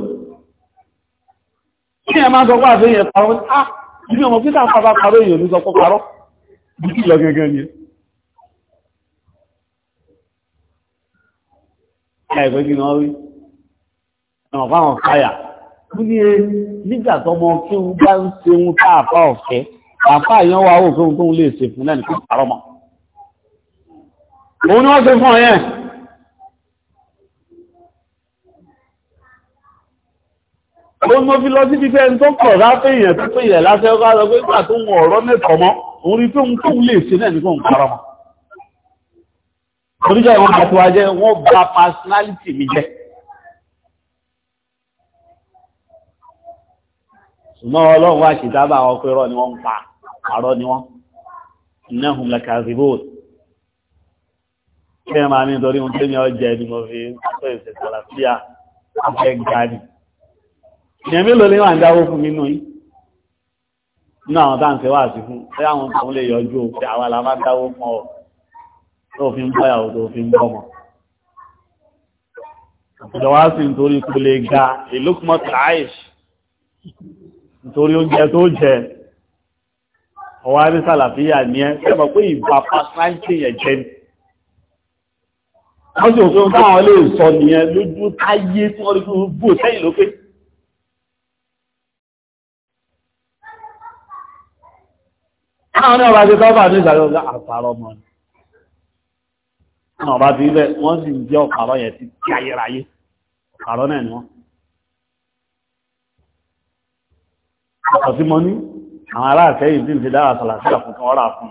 kí ẹ máa sọ pé àfihàn yẹn parọ́ ní tí lọ kí wọ́n bá ń ṣe ohun táàfà ọ̀fẹ́ àfá àyàn wà ó fún tó ń lè ṣe fún lẹ́nìí àrọ́mà òun ni wọ́n ṣe fún ọ̀yẹ́ òun mo fi lọ sí fífẹ́ tó kọ̀ láfẹ́ èèyàn tó péyẹ̀ láfẹ́ ọgá lọ pé ìgbà tó ń wọ ọ̀rọ̀ mẹ́tọ̀ mọ́ òun rí tó ń tó ń lè ṣe lẹ́nìí fún àrọ́mà oníjọ́ ìwọ̀n àti wájẹ́ wọ́n bá personality mi jẹ́ ṣùgbọ́n ọlọ́run wá ṣìdábà ọkọ̀ ẹ̀rọ ni wọ́n ń pa àárọ̀ ni wọ́n innahum lakazibun kí ẹ máa ní torí ohun tí mi ọjẹ́ ni mo fi pẹ́ ìṣẹ̀ṣẹ̀ àlàáfíà afẹ́ gani ìyẹn mélòó ni wọ́n ń dáwó fún mi nù yìí nínú àwọn tá à ń ṣe wáàsí fún ṣé àwọn tó ń lè yọjú òfin àwa la dáwó fún ọ tó bọ́yàwó tó fi ń ọwọ́ arí ní ẹ́ sẹ́mọ̀ pé ìbàpá sáńtì yẹn ni wọ́n sì òfin táwọn lè sọ nìyẹn lójú táyé tí wọ́n rí fún bò sẹ́yìn lókè táwọn náà bá ti tọ́fà ní ìsàlẹ̀ ọ̀gá àpàrọ̀ ọmọ àwọn aláàfẹ́ yìí bí n fi dára sàlàsílà fún kan ọ́rà fún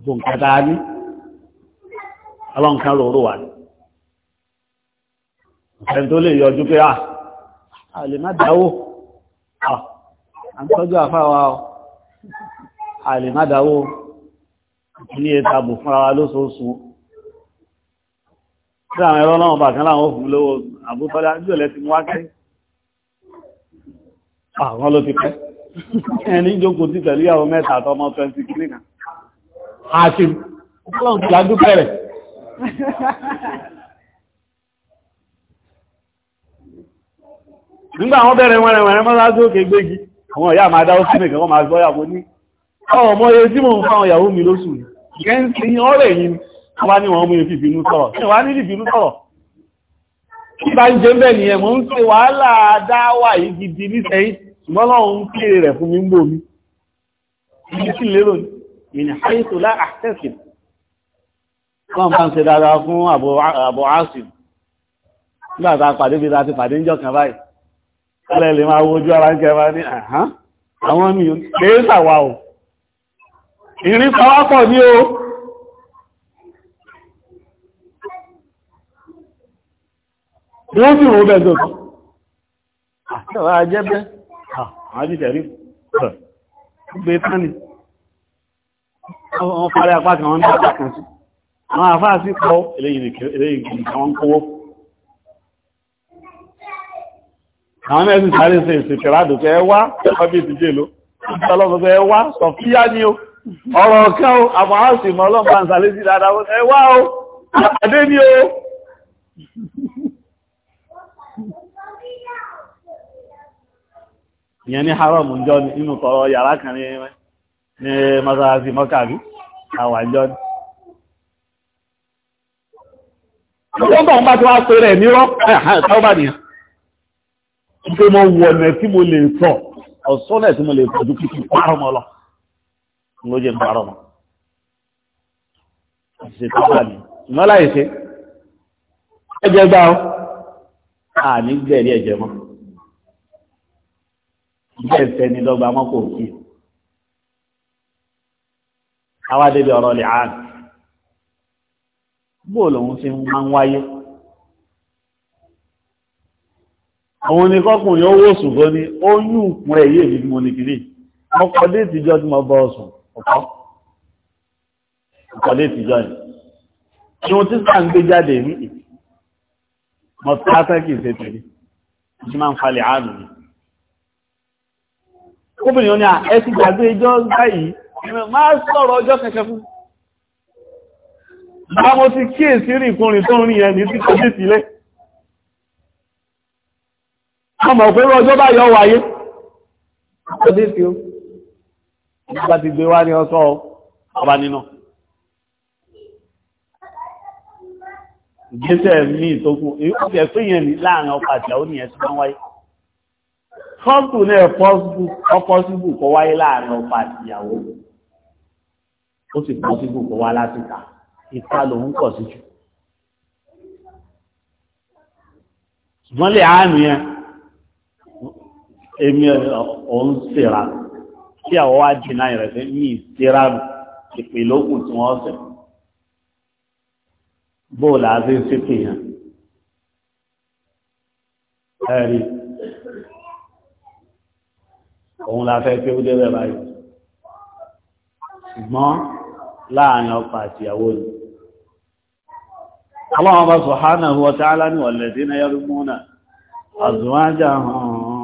gbogbo nǹkan tá a ní ọlọ́nkan lòrò wà ní ẹni tó lè yọjú pé à lè má dáwó à ń tọ́jú àfáwa à lè má dáwó ní ètàbò fúnra wa lóṣooṣù àbútọ́lá ń jòlẹ́ ti mú wákẹ́ àwọn ló ti pẹ́ ẹni jókòó ti pẹ̀lú ìyàwó mẹ́ta àtọmọ 20 kìlínà àti ọlọ́run ti lájú pẹ̀rẹ̀ nígbà àwọn bẹ̀rẹ̀ wẹ̀rẹ̀wẹ̀rẹ̀ mọ́sájú òkè gbégi àwọn ìyá máa dáwọ́ sínú ìkẹ́kọ́ máa gbọ́yà bó ní ọ̀rọ̀ mọ́ iye tí mò ń fáwọn ìyàwó mi lóṣù ní ọ̀rẹ́ yìí wọ́n ní wọ́n mú ìfìfìnú sọ̀rọ̀ bá ń jẹ́ bẹ́ẹ̀ nìyẹn mọ́ ń ṣe wàhálà dáwà yìí gidi nísẹ̀yìn ṣùgbọ́n lọ́wọ́ ń kéré rẹ̀ fún mi ń bò mí ibi tí lérò ìní àyíkò láàtẹ́sì wọ́n bá ń ṣe dáadáa fún àbò áṣì nígbà tá a pàdé bí ta ti pàdé ń jọ kan báyìí kálẹ̀ lè máa o ìrìn wọ́n sì rún bẹ́ẹ̀ sọ́tọ̀ àtàwà ajẹ́bẹ́ àjíjẹ̀rí gbé tánì wọ́n fara apá kan wọ́n dápá kan sí wọ́n àfáà sí pọ̀ eléyìí àwọn kówó àwọn ẹ̀sì sáré sí ìsìnkẹ̀rá dùkẹ́ wá ọbí ìsìnjẹ́ ló ìtọ́lọ́gbẹ́ wá sọ̀fíyá ni ó ọ̀rọ̀ ọ̀kẹ́ o àmọ́ àṣìmọ́ ọlọ́pàá ń sàlé sí dáadáa ẹwà o àpàdé ni o ìyẹn ní haram ǹjọ́ ni inú tọrọ yàrá kan ní mọ́sálásí mọ́kàrí àwàjọ́ ni wọ́n bá ń bá ti wá pé rẹ̀ nírọ́ ẹ̀hàn nìyàn pé mo wọ̀nà tí mo lè tọ̀ ọ̀sọ́nà tí mo lè tọ̀ ju ní ìmọ́lá ìṣe mọ́ bẹ́ẹ̀ sẹ́ni lọ́gbà mọ́kò òkè awádébí ọ̀rọ̀ lè hàn bó lòun ti máa ń wáyé àwọn oníkọkùnrin ó wò sùn tó ní ó yún ìkún rẹ̀ yé ìdí mo ní kiri ọkọ̀ dé ìtìjọ́ tí mo bọ́ ọ̀sùn ọ̀pọ̀ ọkọ̀ dé ìtìjọ́ ni ìwọ̀n tí sáà ń gbé jáde ní mọ̀tí átẹ́kì ìṣẹ́tẹ̀rí ìṣẹ́ máa ń falẹ̀ ààrùn ni kóbìnrin ní ẹ̀sì gbàgbé ìjọ báyìí ẹ̀mẹ̀ máa sọ̀rọ̀ ọjọ́ kẹkẹ fún bá mo ti kíè sí rí ìkùnrin tó rí ẹni tí kò dìtì ilé ọmọ òpérò ọjọ́ bá yọ wáyé ìgbésẹ̀ míì tó kú èyí fẹ́ yẹn ní láàrin ọkọ̀ àtìyàwó nìyẹn tí wọ́n wáyé kọ́ńtù náà pọ́sibù kọ́ wáyé láàrin ọba àti ìyàwó ó sì pọ́sibù kọ́ wá látìta ìta lòun kọ̀ sí jù ṣùgbọ́n lè àánú yẹn èmi ọ̀hún ṣèrà tí àwọn wá jìnnà rẹ̀ fẹ́ ní ìṣèrà ìpìlẹ̀ òkun tí wọ́n sẹ̀ bóòlù àti ṣépè Ẹ̀rí òun la fẹ́ pé ó débẹ̀ báyìí ṣùgbọ́n láàrin ọkọ àti ìyàwó ni Allah ọba subhanahu wa ta'ala ní walladhina yarmuna azwajahum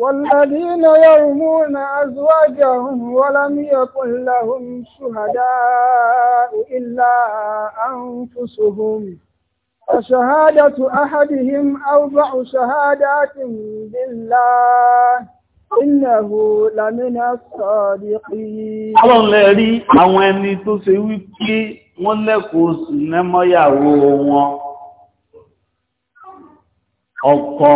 والذين يرمون أزواجهم ولم يكن لهم شهداء إلا أنفسهم فشهادة أحدهم Innahu lamina sadiqin. Ọlọ́run lẹ rí àwọn ẹni tó ṣe wípé wọ́n lẹ́kọ̀ọ́ sí nẹ́mọ́yàwó wọn. Ọkọ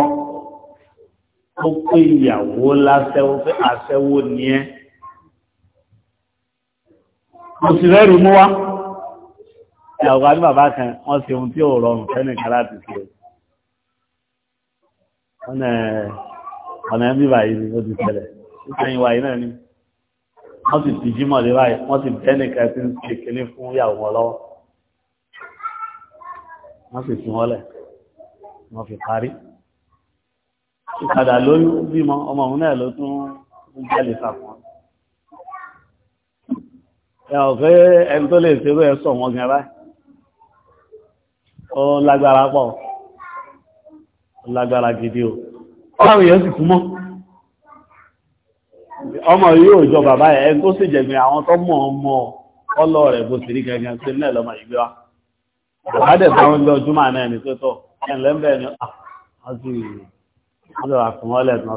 ó pé ìyàwó lásẹ́wó fẹ́ àṣẹ́wó ni ẹ́. Mo sì rẹ́rù mú wá. Ìyàwó ní bàbá kan, wọ́n ṣe ohun tí ò rọrùn fẹ́nìkan láti ṣe. Wọ́n ọ̀nà ẹ̀mí báyìí ni ó ti tẹ̀lẹ̀ ẹ̀yìn wáyé náà ni wọ́n ti ti jímọ̀ lé báyìí wọ́n ti bẹ́ẹ̀ nìkan ti ń ṣe kínní fún ìyàwó wọn lọ́wọ́ wọ́n sì fi wọ́n lẹ̀ wọ́n fi parí ìpadà lóyún bímọ ọmọ òun náà ló tún ń jẹ́lẹ̀ sàkún ẹ ọ̀fẹ́ ẹni tó lè ṣerú ẹ sọ wọn gan báyìí ó lágbára pọ̀ lágbára gidi o. Báwọn èèyàn sì kú mọ́. Ọmọ yóò jọ bàbá ẹ̀ ẹni tó sì jẹ̀gbìn àwọn tó mọ̀ ọmọ ọlọ́ rẹ̀ bó sì rí gẹ́gẹ́ sí nílẹ̀ lọ́mọ ìgbé wa. Bàbá dẹ̀ bá wọn lọ Júmọ̀ náà ní pé tọ̀ ẹ̀ǹlẹ́ ń bẹ̀ ni ah, wọ́n sì wọ́n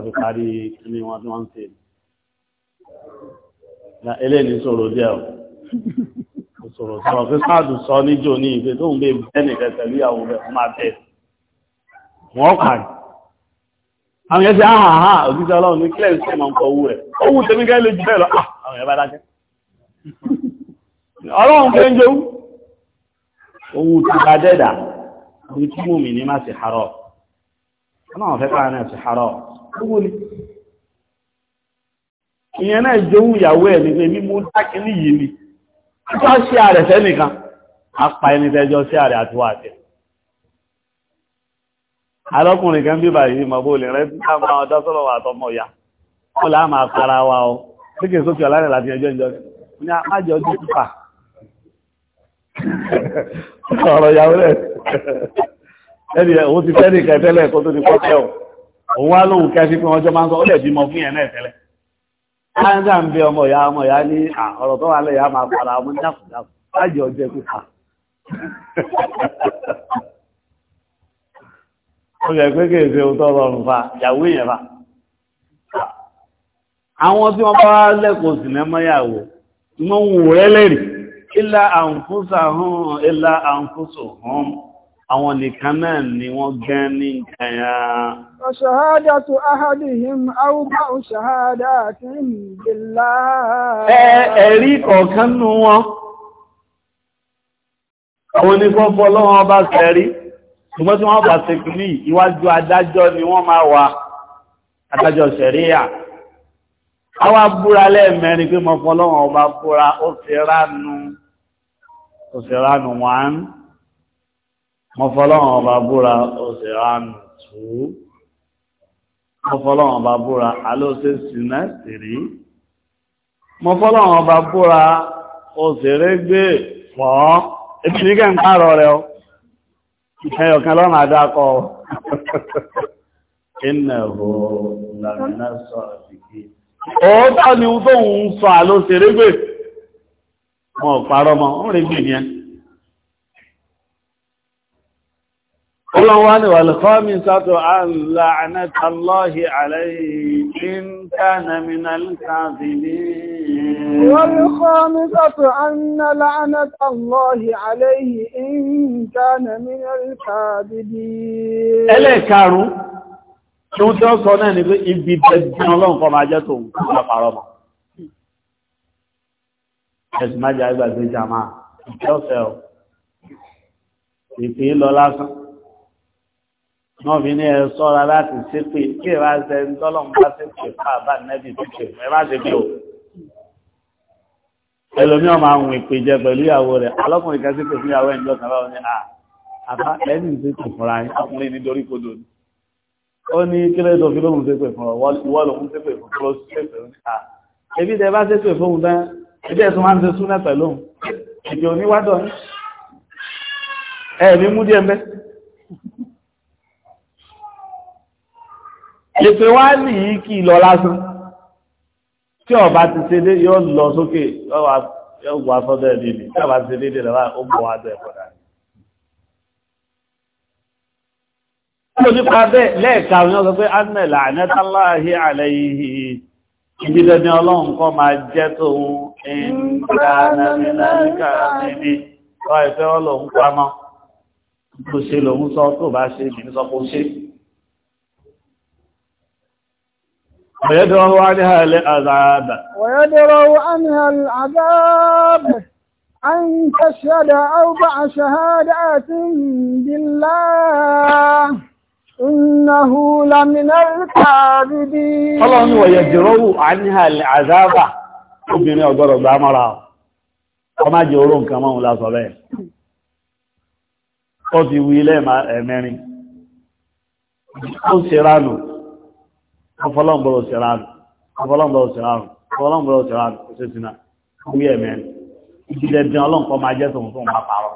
o. Sọ̀rọ̀ sọ̀rọ̀ fi sáàdù sọ níjò ní ìgbé tó ń gbé bẹ́ẹ̀ nìkan pẹ̀lú ìyàwó rẹ̀ fún máa bẹ́ẹ̀. Wọ́n kàrí. àwọn yẹn ti ha ah, ah, ah, òjíṣẹ́ ọlọ́run ní kílẹ̀ ìṣẹ́ ma ń kọ owó rẹ̀ owó tẹ́mí gẹ́lẹ́ jù bẹ́ẹ̀ lọ àwọn yẹn bá ọlọ́run fẹ́ ń jẹun owó ti bá dẹ́dà ní kí mú mi ní má harọ́ ọlọ́run fẹ́ alọ́kùnrin kan bí báyìí mọ̀ bó lè rẹ̀ tí a máa ọjọ́ sọ́rọ̀ wà tọmọ ìyá wọ́n lá máa fara wa ọ tí kìí sókè ọ̀lá láti ẹjọ́ ìjọ ní a ojú pípa ọ̀rọ̀ ìyàwó rẹ̀ ẹni ti fẹ́ ọ̀rọ̀ ọjọ́ ó yẹ pé kèé ṣe ohun tó rọrùn fa ìyàwó yẹn fa àwọn tí wọ́n bá lẹ́kọ̀ọ́ sinẹ́mọ́yàwó mọ́ ń wò rẹ́ lẹ́rì ilá àǹfúsà hàn ilá àǹfúsò hàn àwọn nìkan náà ni wọ́n gán ní ìkàyà ṣàhádàtù ahadihim arúgbà lọ́wọ́ bá sẹ́rí ṣùgbọ́n tí wọ́n bá ṣe kìíní ìwájú adájọ́ ni wọ́n máa wà adájọ́ ṣẹ̀ríyà àwa búra lẹ́ẹ̀mẹ́rin pé mo fọlọ́wọ́n ọba búra ó fi ránu ó fi ránu wán mo fọlọ́wọ́n ọba búra ó fi ránu tù ú mo ọba búra alóṣè sínú ẹ̀sìrí mo fọlọ́wọ́n ọba búra ó sì régbè fọ́ èmi ń pààrọ̀ rẹ o ẹyọ kan lọ́nà àdákọ̀ ìnàwó lànà sọ àdìgbé ọ̀ọ́tà ni ó tó ń sọ àlọ́ sẹ̀rẹ́gbẹ̀ wọn parọ́ mọ́ wọn rí gbìyànjẹ́ ọlọ́wọ́ ni wàlùkọ́mí sátọ̀ àlànà àlẹ́yìn والخامسة أن لعنة الله عليه إن كان من الكاذبين ẹlẹ́ẹ̀karùn-ún tí ó tí ó sọ náà ni pé ibi tẹ́jì ọlọ́run kọ máa jẹ́ tó ń kọ́ àpàrọ mọ̀ ẹ̀sùn má jẹ́ àgbà tó jàmá ìfẹ́ ọ̀fẹ́ ọ̀ ìpín lọ lásán náà fi ní ẹ sọ́ra láti ṣépè kí ẹ bá ṣe ń tọ́lọ́ ẹlòmí ọmọ àwọn ìpè jẹ pẹ̀lú ìyàwó rẹ̀ alọ́kùnrin kan sí pé fún ìyàwó ẹ̀jọ́ kan báwọn ni. à ah, àbá ẹni ń pèpè fúnra yín ọkùnrin ní dorí kodò ni ó ní kílẹ̀ tó fi lóhun pèpè fún ọ ìwọ lòun pèpè fún ọ sí pèpè ní à ah, ebi tẹ bá ṣe pè fóun tán ebi ẹ̀sùn máa ń ṣe súnà pẹ̀lú òun èdè oníwádọ̀ ní ẹ̀mí mú díẹ̀ mẹ́ ìpè wá nìyí kì í lọ lásán tí ọba ti ṣe dé yóò lọ sókè yóò wà sọ́dọ̀ ẹ̀ níbi tí ọba ti ṣe déédéé lọ́wọ́ ó bọ̀ wá bẹ́ẹ̀ kọ́dà ní. Ó nípa bẹ́ẹ̀ lẹ́ẹ̀ka ni wọ́n sọ pé Anna la'natullahi alayhi ibi dẹni ọlọ́run kọ́ máa jẹ́ tóun ìgbàlánàmínàmíkà níbi ọ̀ ìfẹ́ ọlọ́run pamọ́. Kò ṣe lòun sọ tó bá ṣe ìbí sọ kò ṣe. ويدروا عنها الأذاب. ويدروا عنها العذاب أن تشهد أربع شهادات بالله إنه لمن الكاذبين الله ويدروا عنها العذاب obìnrin ọ̀gọ́rọ̀ gbá mọ́ra ọ má jẹ oró nǹkan mọ́hun lásọ bẹ́ẹ̀ ó afọlọ́mbọ̀rọ̀ sẹ̀ránù afọlọ́mbọ̀rọ̀ sẹ̀ránù afọlọ́mbọ̀rọ̀ sẹ̀ránù kò sí sinà orí ẹ̀mẹ́ ìjìnlẹ̀ bí ọlọ́nkọ́ máa jẹ́ tòun tó ń bá parọ́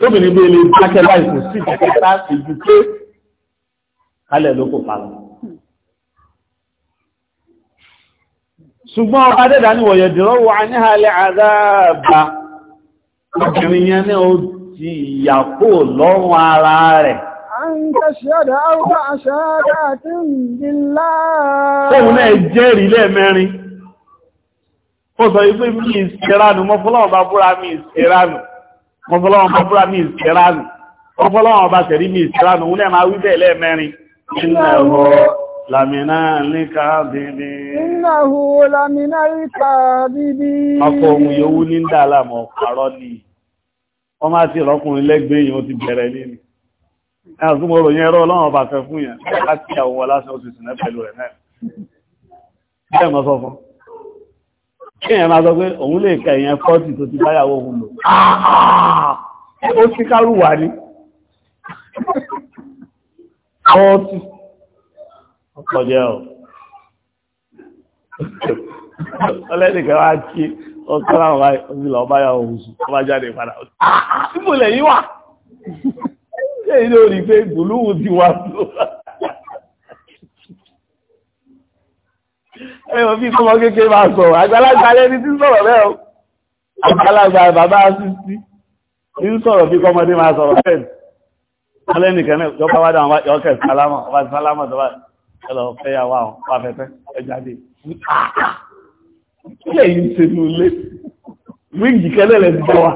lóbìnrin bí ilé dákẹ́ láì kò sí ìjẹ́kẹ́ láti ju pé kálẹ̀ ló kò parọ́ ṣùgbọ́n أن تشهد أربع شهادات بالله Òun náà jẹ́rìí lẹ́ẹ̀mẹ́rin. Ó sọ ipé mi ìsẹ̀ránù, mọ́fọ́lọ́wọ́n bá búra mi ìsẹ̀ránù, mọ́fọ́lọ́wọ́n bá búra mi ìsẹ̀ránù, mọ́fọ́lọ́wọ́n bá tẹ̀rí mi ìsẹ̀ránù, òun náà máa wí bẹ́ẹ̀ lẹ́ẹ̀mẹ́rin. Ìnáwó lámìnà níka bíbí. Ìnáwó lámìnà níka bíbí. ohun yòówù ní ń dà láàmú ni. Wọ́n máa ti rọ́kùnrin lẹ́gbẹ̀ẹ́ yìí, ó ti bẹ̀rẹ̀ nínú àzúmọ̀rọ̀ yẹn rọ́ ọlọ́run ọba fẹ́ fún yẹn láti àwọn aláṣẹ́ òṣìṣì pẹ̀lú rẹ̀ náà bẹ́ẹ̀ mọ́ sọ fún kí èèyàn máa sọ pé òun lè kẹ èèyàn fọ́tì tó ti báyàwó òun lò ó sí kárùwà ní fọ́tì ọkọ̀jẹ́ ọ̀ ọlẹ́nìkan wá kí ọkọ̀ láwọn ọba yàwó òun sùn ọba jáde padà ó èyí ló rí pé gbùlúwù ti wà tó ẹ̀wọ̀n bí kọ́mọ kékeré máa sọ̀rọ̀ àgbàlagbà lẹ́ni tí sọ̀rọ̀ bẹ́ẹ̀ o àgbàlagbà bàbá sísí tí ń sọ̀rọ̀ bí kọ́mọdé máa sọ̀rọ̀ bẹ́ẹ̀ alẹ́nìkan náà jọba wádà wọn yọkẹ̀ sálámà wá sálámà tó bá ẹlọ fẹ́yà wà wọn wá fẹ́fẹ́ ẹjáde kílẹ̀ yìí ń ṣe ní ilé wíńgì kẹ́lẹ̀ lẹ́ni jọ wa.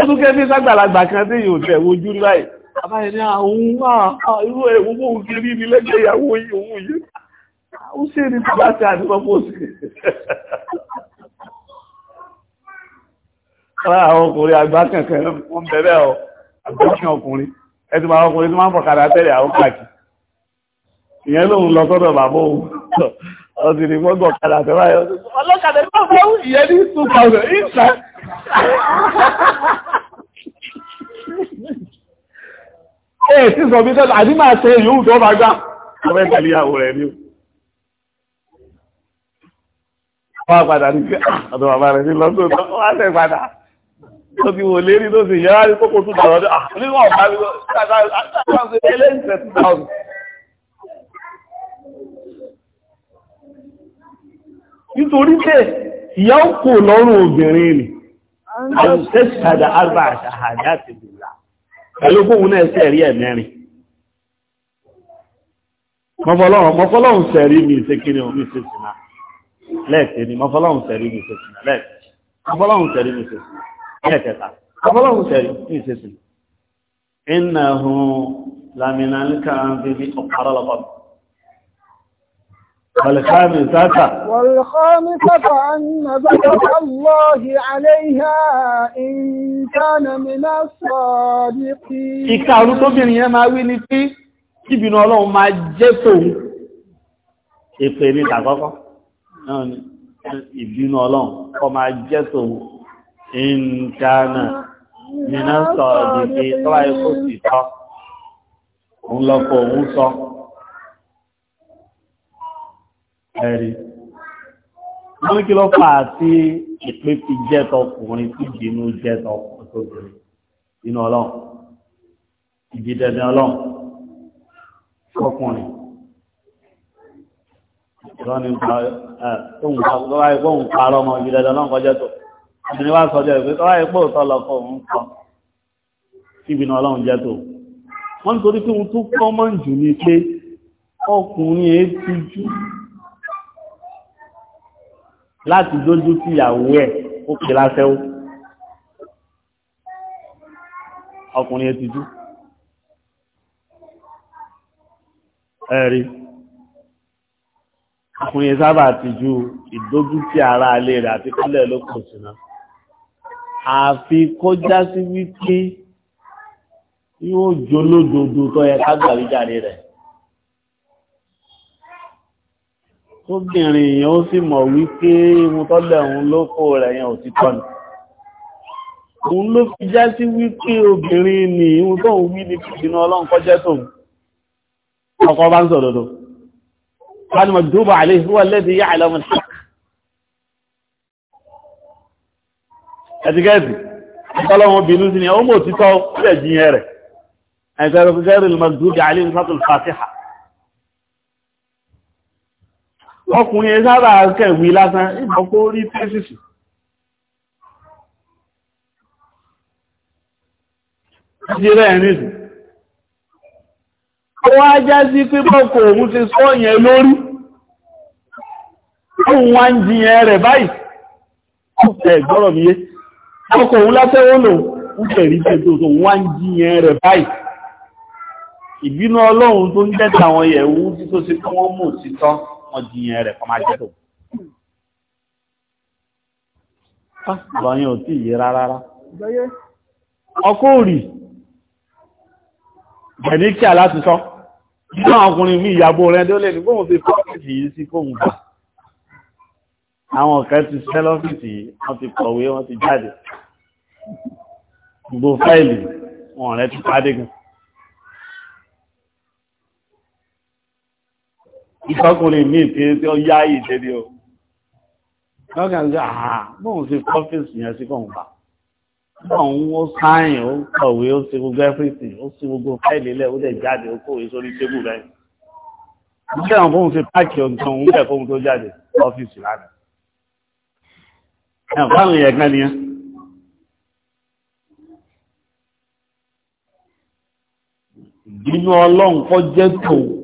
ó tún kẹ́ bí sàgbàlagbà kan tí yóò tẹ̀ wojú láì àbáyé ní àwọn ah, ah, ah, irú ẹ̀wù bóun kí rí ní lẹ́gbẹ̀ẹ́ ìyàwó yìí òun yìí ó sì rí bàbá tí a ti sọ pọ̀ sí. ara àwọn ọkùnrin àgbà kankan wọ́n bẹ̀rẹ̀ ọ àgbà kan ọkùnrin ẹtù máa ọkùnrin tó máa ń fọ̀kadà tẹ́lẹ̀ àwọn káàkiri ìyẹn lòun lọ sọ́dọ̀ bàbá òun ọ̀sìn ni wọ́n gbọ̀ kadà tẹ́lẹ̀ ọlọ́kadà ìfọ̀kọ́ ìyẹn ní 2000 ìsàn ẹ̀ tí sọ bí sọ́dọ̀ àti máa ṣe yóò tó bá gbá ọmọ ẹ̀tẹ̀lẹ̀ ìyàwó rẹ̀ ní wọ́n padà ní pé ọ̀dọ̀ bàbá rẹ̀ sí lọ́dún tó wọ́n tẹ̀ padà tó ti wò lérí tó sì yára ní kókó tún dọ̀rọ̀ nínú ọ̀gá mi lọ́dún ẹlẹ́sẹ̀ 2000 nítorí pé ìyá ó kò lọ́rùn obìnrin ni an arba arba'a shahadati billah pẹ̀lú fóun náà sẹ̀rí ẹ̀ mẹ́rin mọ́fọ́lọ́hùn mọ́fọ́lọ́hùn sẹ̀rí mi والخامسة والخامسة أن ذكر الله عليها إن كان من الصادقين Ìkàrú tó bìnrin yẹn máa wí ní pé kíbìnà ọlọ́run máa jẹ́ tòun. Èpè ní ìtàkọ́kọ́. Ìbínú ọlọ́run kọ máa jẹ́ tòun. Ìǹkanà mìíràn sọ̀rọ̀ dìde tọ́wáyé kò sì tọ́. Òun lọ́pọ̀ òun sọ ẹ̀rí wọ́n kí ló fà á sí ìpè fi jẹ́ tọkùnrin tí ìbínú jẹ́ tọkùnrin tó bèrè inú ọlọ́run ìbí dandan ọlọ́run tọkùnrin ìrọ́ ni tóun bá yẹ kó òun parọ́ ọmọ ìbí dandan ọlọ́run kọjá tó ẹni wá sọjọ́ ìpè tó bá yẹ kó òótọ́ lọ kọ òun kọ tí ìbínú ọlọ́run jẹ́ tó wọ́n nítorí pé òun tún kọ́ mọ́ jù ní pé ọkùnrin èé ti jù láti dójú sí ìyàwó ẹ̀ ó pè láṣẹ́wó ọkùnrin ẹ̀ tìjú ẹ̀rí ọkùnrin sábà tìjú ìdójú sí ara alẹ́ rẹ̀ àti kúlẹ̀ lókùn síná àfi kọjá sí wípé yóò jólódodo tó yẹ ká gbàríjàre rẹ̀ tóbìnrin èèyàn ó sì mọ̀ wípé ohun tọ́lẹ̀ òun ló kó rẹ̀ yẹn ò ti tọ́nà òun ló fi já sí wípé obìnrin ni ohun tó ń wí ní ìdínà ọlọ́run kọjẹ́ tóun ọkọ bá ń sọ̀dọ̀dọ̀ wọ́n mọ̀ dúbà àlè ìfúwà lẹ́dí yá àlọ́mù ẹ̀tìgẹ́ẹ̀tì ọlọ́run bínú sí ni ó mọ̀ òtítọ́ ó lẹ̀ jiyàn rẹ̀ ọkùnrin sábà kẹ̀wé lásán ìbọ̀kó rí tẹ́sìsì jíra ẹ̀rìnṣù ó wá já sí pípọ̀kọ̀ òun ti sọ yẹn lórí òun wá ń jiyàn rẹ̀ báyìí ọ̀pẹ̀ gbọ́rọ̀ mi yé ọkọ̀ òun látẹ́wọ́ lò ń tẹ̀rí tẹ́tò tó wá ń jiyàn rẹ̀ báyìí ìbínú ọlọ́run tó ń jẹ́ta àwọn yẹ̀wú tí tó ti kọ́ mọ̀ sí tán kọ́ jiyàn rẹ̀ kọ́ máa jẹ́ tó. ọ̀rọ̀ ah. yẹn ò tí ì yé rárá. ọkọ òrì bẹ̀ẹ́ni kí aláti sọ nínú ọkùnrin mi ìyàbò rẹ̀ tó lè ní kóhùn fi pọ́ọ̀kìtì yìí sí kóhùn bá àwọn kan ti sẹ́lọ́fìtì yìí wọ́n ti kọ̀wé wọ́n ti jáde gbogbo fáìlì wọn rẹ̀ ti pàdé gan ìfọkùnrin míì tí tí ó yá yìí débi o lọ́gà ń sọ àhà bóun ṣe yẹn sí kọ̀ǹpa bóun ó sáyìn ó kọ̀wé ó ṣe gbogbo ẹ́fíìsì ó ṣe gbogbo fáìlì ilẹ̀ ó dẹ̀ jáde ó kọ̀wé sórí tébù rẹ̀ nígbà wọn bóun ṣe páàkì ọ̀gbìn òun bẹ̀ fóun tó jáde ọ́fíìsì lánàá ẹ̀ báwọn yẹn gan nìyẹn. ìbínú ọlọ́run kọ́ jẹ́ tòun.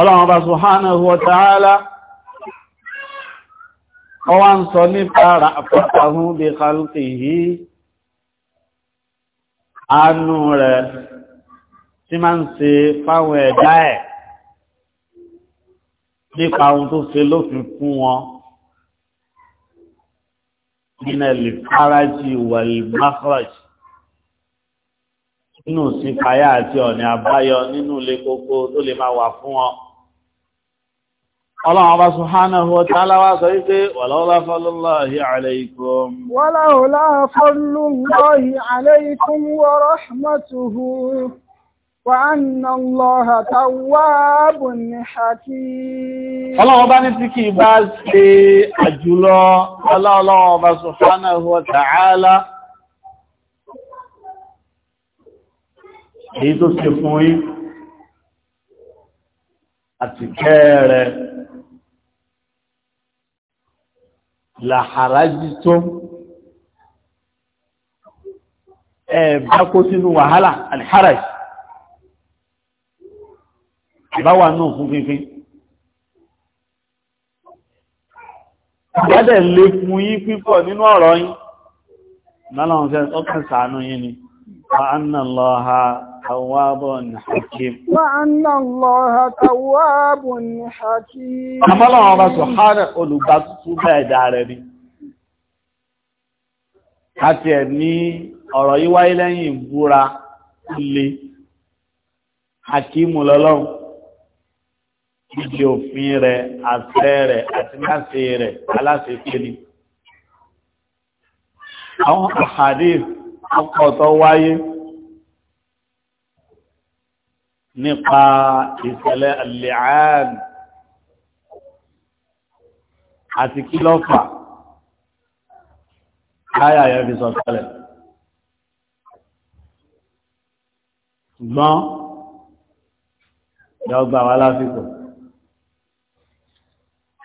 ọlọ́run bá subhanahu wa ta'ala ọwá ń sọ nípa ra'afọ́tàhún bí khalqihi àánú rẹ̀ tí máa ń ṣe fáwọn ẹ̀dá ẹ̀ nípa ohun tó ṣe lófin fún wọn nínú ẹ̀lì fárájì wàlìmáfọ́jì nínú sí payá àti ọ̀nà àbáyọ nínú ilé kókó tó lè máa wà fún wọn Ọlọ́run ọba Subhanahu wa ta'ala wá sọ wípé wàláwọ́lá fọ́lúláhì àlẹ́ikùn. Wàláwọ́lá fọ́lúláhì àlẹ́ikùn wa rahmatuhu wa anna Allaha tawwabun hakim. Ọlọ́run ọba ní tí kì bá ṣe àjùlọ Ọlọ́run ọba àti kẹ́ẹ̀rẹ́ làhàrájí tó ẹ̀ bá kó sínú wàhálà alìhárà ìbáwà náà fún fífín ìgbádẹ̀ lè fún yí pípọ̀ nínú ọ̀rọ̀ yín lọ́nà ọ̀sẹ̀ ọkàn ṣàánú yín ni wa anna Allaha تواب حكيم وأن الله تواب حكيم أما الله سبحانه قل بطوبة دارني àti ẹ̀ní ọ̀rọ̀ yìí wáyé lẹ́yìn ìbúra ilé àkímù lọ́lọ́run ìdí òfin rẹ̀ àṣẹ rẹ̀ àti láṣẹ rẹ̀ aláṣẹ́fẹ́ ni àwọn àhàdí ọkọ̀ wáyé nípa ìṣẹ̀lẹ̀ al-li'an àti kílọ́fà káyà yẹn fi sọ̀kalẹ̀. ṣùgbọ́n yọ gbà wá lásìkò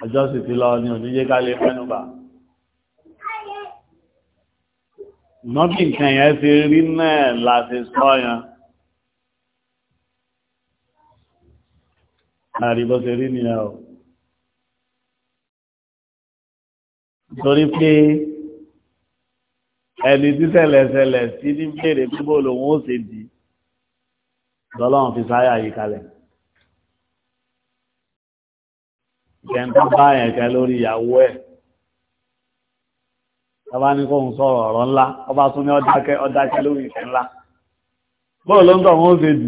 ọjọ́ sì ti lọ ní òníjẹ́ ká lè mẹ́nubà. ṣùgbọ́n bí nǹkan yẹn ti rí náà láti sọ àríbọ́sẹ̀ rí ni a ò torí pé ẹni tí ṣẹlẹ̀ṣẹlẹ̀ sí ní bèèrè púpọ̀ lòun ó ṣe dì lọ́lọ́run fi sáyà yìí kalẹ̀ ìkẹntà bá ẹ̀kẹ́ lórí ìyàwó ẹ̀ ọba ní kóhun sọ̀rọ̀ ọ̀rọ̀ ńlá ọba tún ní ọdákẹ́ ọdákẹ́ lórí ìfẹ́ ńlá bọ́ọ̀ ló ń tọ̀ wọ́n ó ṣe dì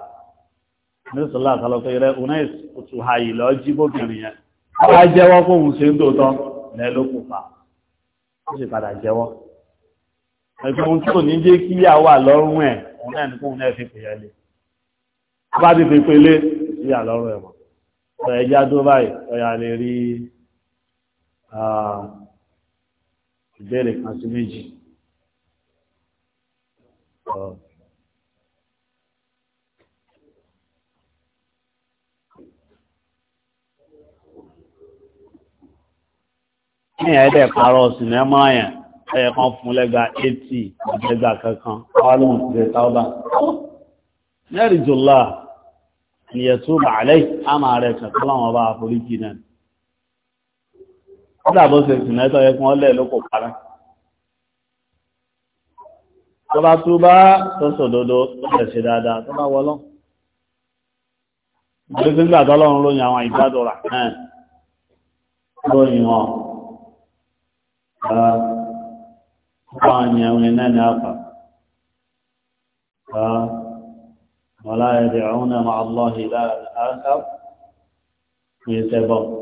ní sọ́lá àtàlọ́tọ̀ ilẹ̀ unes òtùhà ìlọ jí bóbìnrin yẹn wọ́n á jẹ́wọ́ fóhun ṣe ń dòótọ́ lẹ́lókùnfà ó sì padà jẹ́wọ́ ẹ̀fẹ́ ohun tí ò ní jẹ́ kí yà wà lọ́rùn ẹ̀ òun náà ní kóhun náà fi pèyẹ lé bá ti fi pélé sí yà lọ́rùn ẹ̀ mọ́ ọ̀rọ̀ ẹja tó báyìí ọ̀yà lè rí ìbéèrè kan sí méjì. ní ẹ̀ẹ́dẹ̀ parọ́ sinimá yẹn ẹ̀yẹ kan fún lẹ́gbà 80 lẹ́gbà kankan ọlọ́run ṣe tábà mẹ́rin jùlọ ìyẹ̀ tó bà lẹ́yìn a máa rẹ̀ kankan láwọn bá foríjì náà kódà bó ṣe sìn lẹ́tọ̀ yẹ kí wọ́n lẹ̀ lóko para tó bá tó bá tọ́sọ̀ dodo tó ṣe dáadáa tó bá طعن وينان آخر ولا يدعون مع الله إلها آخر ويتبغ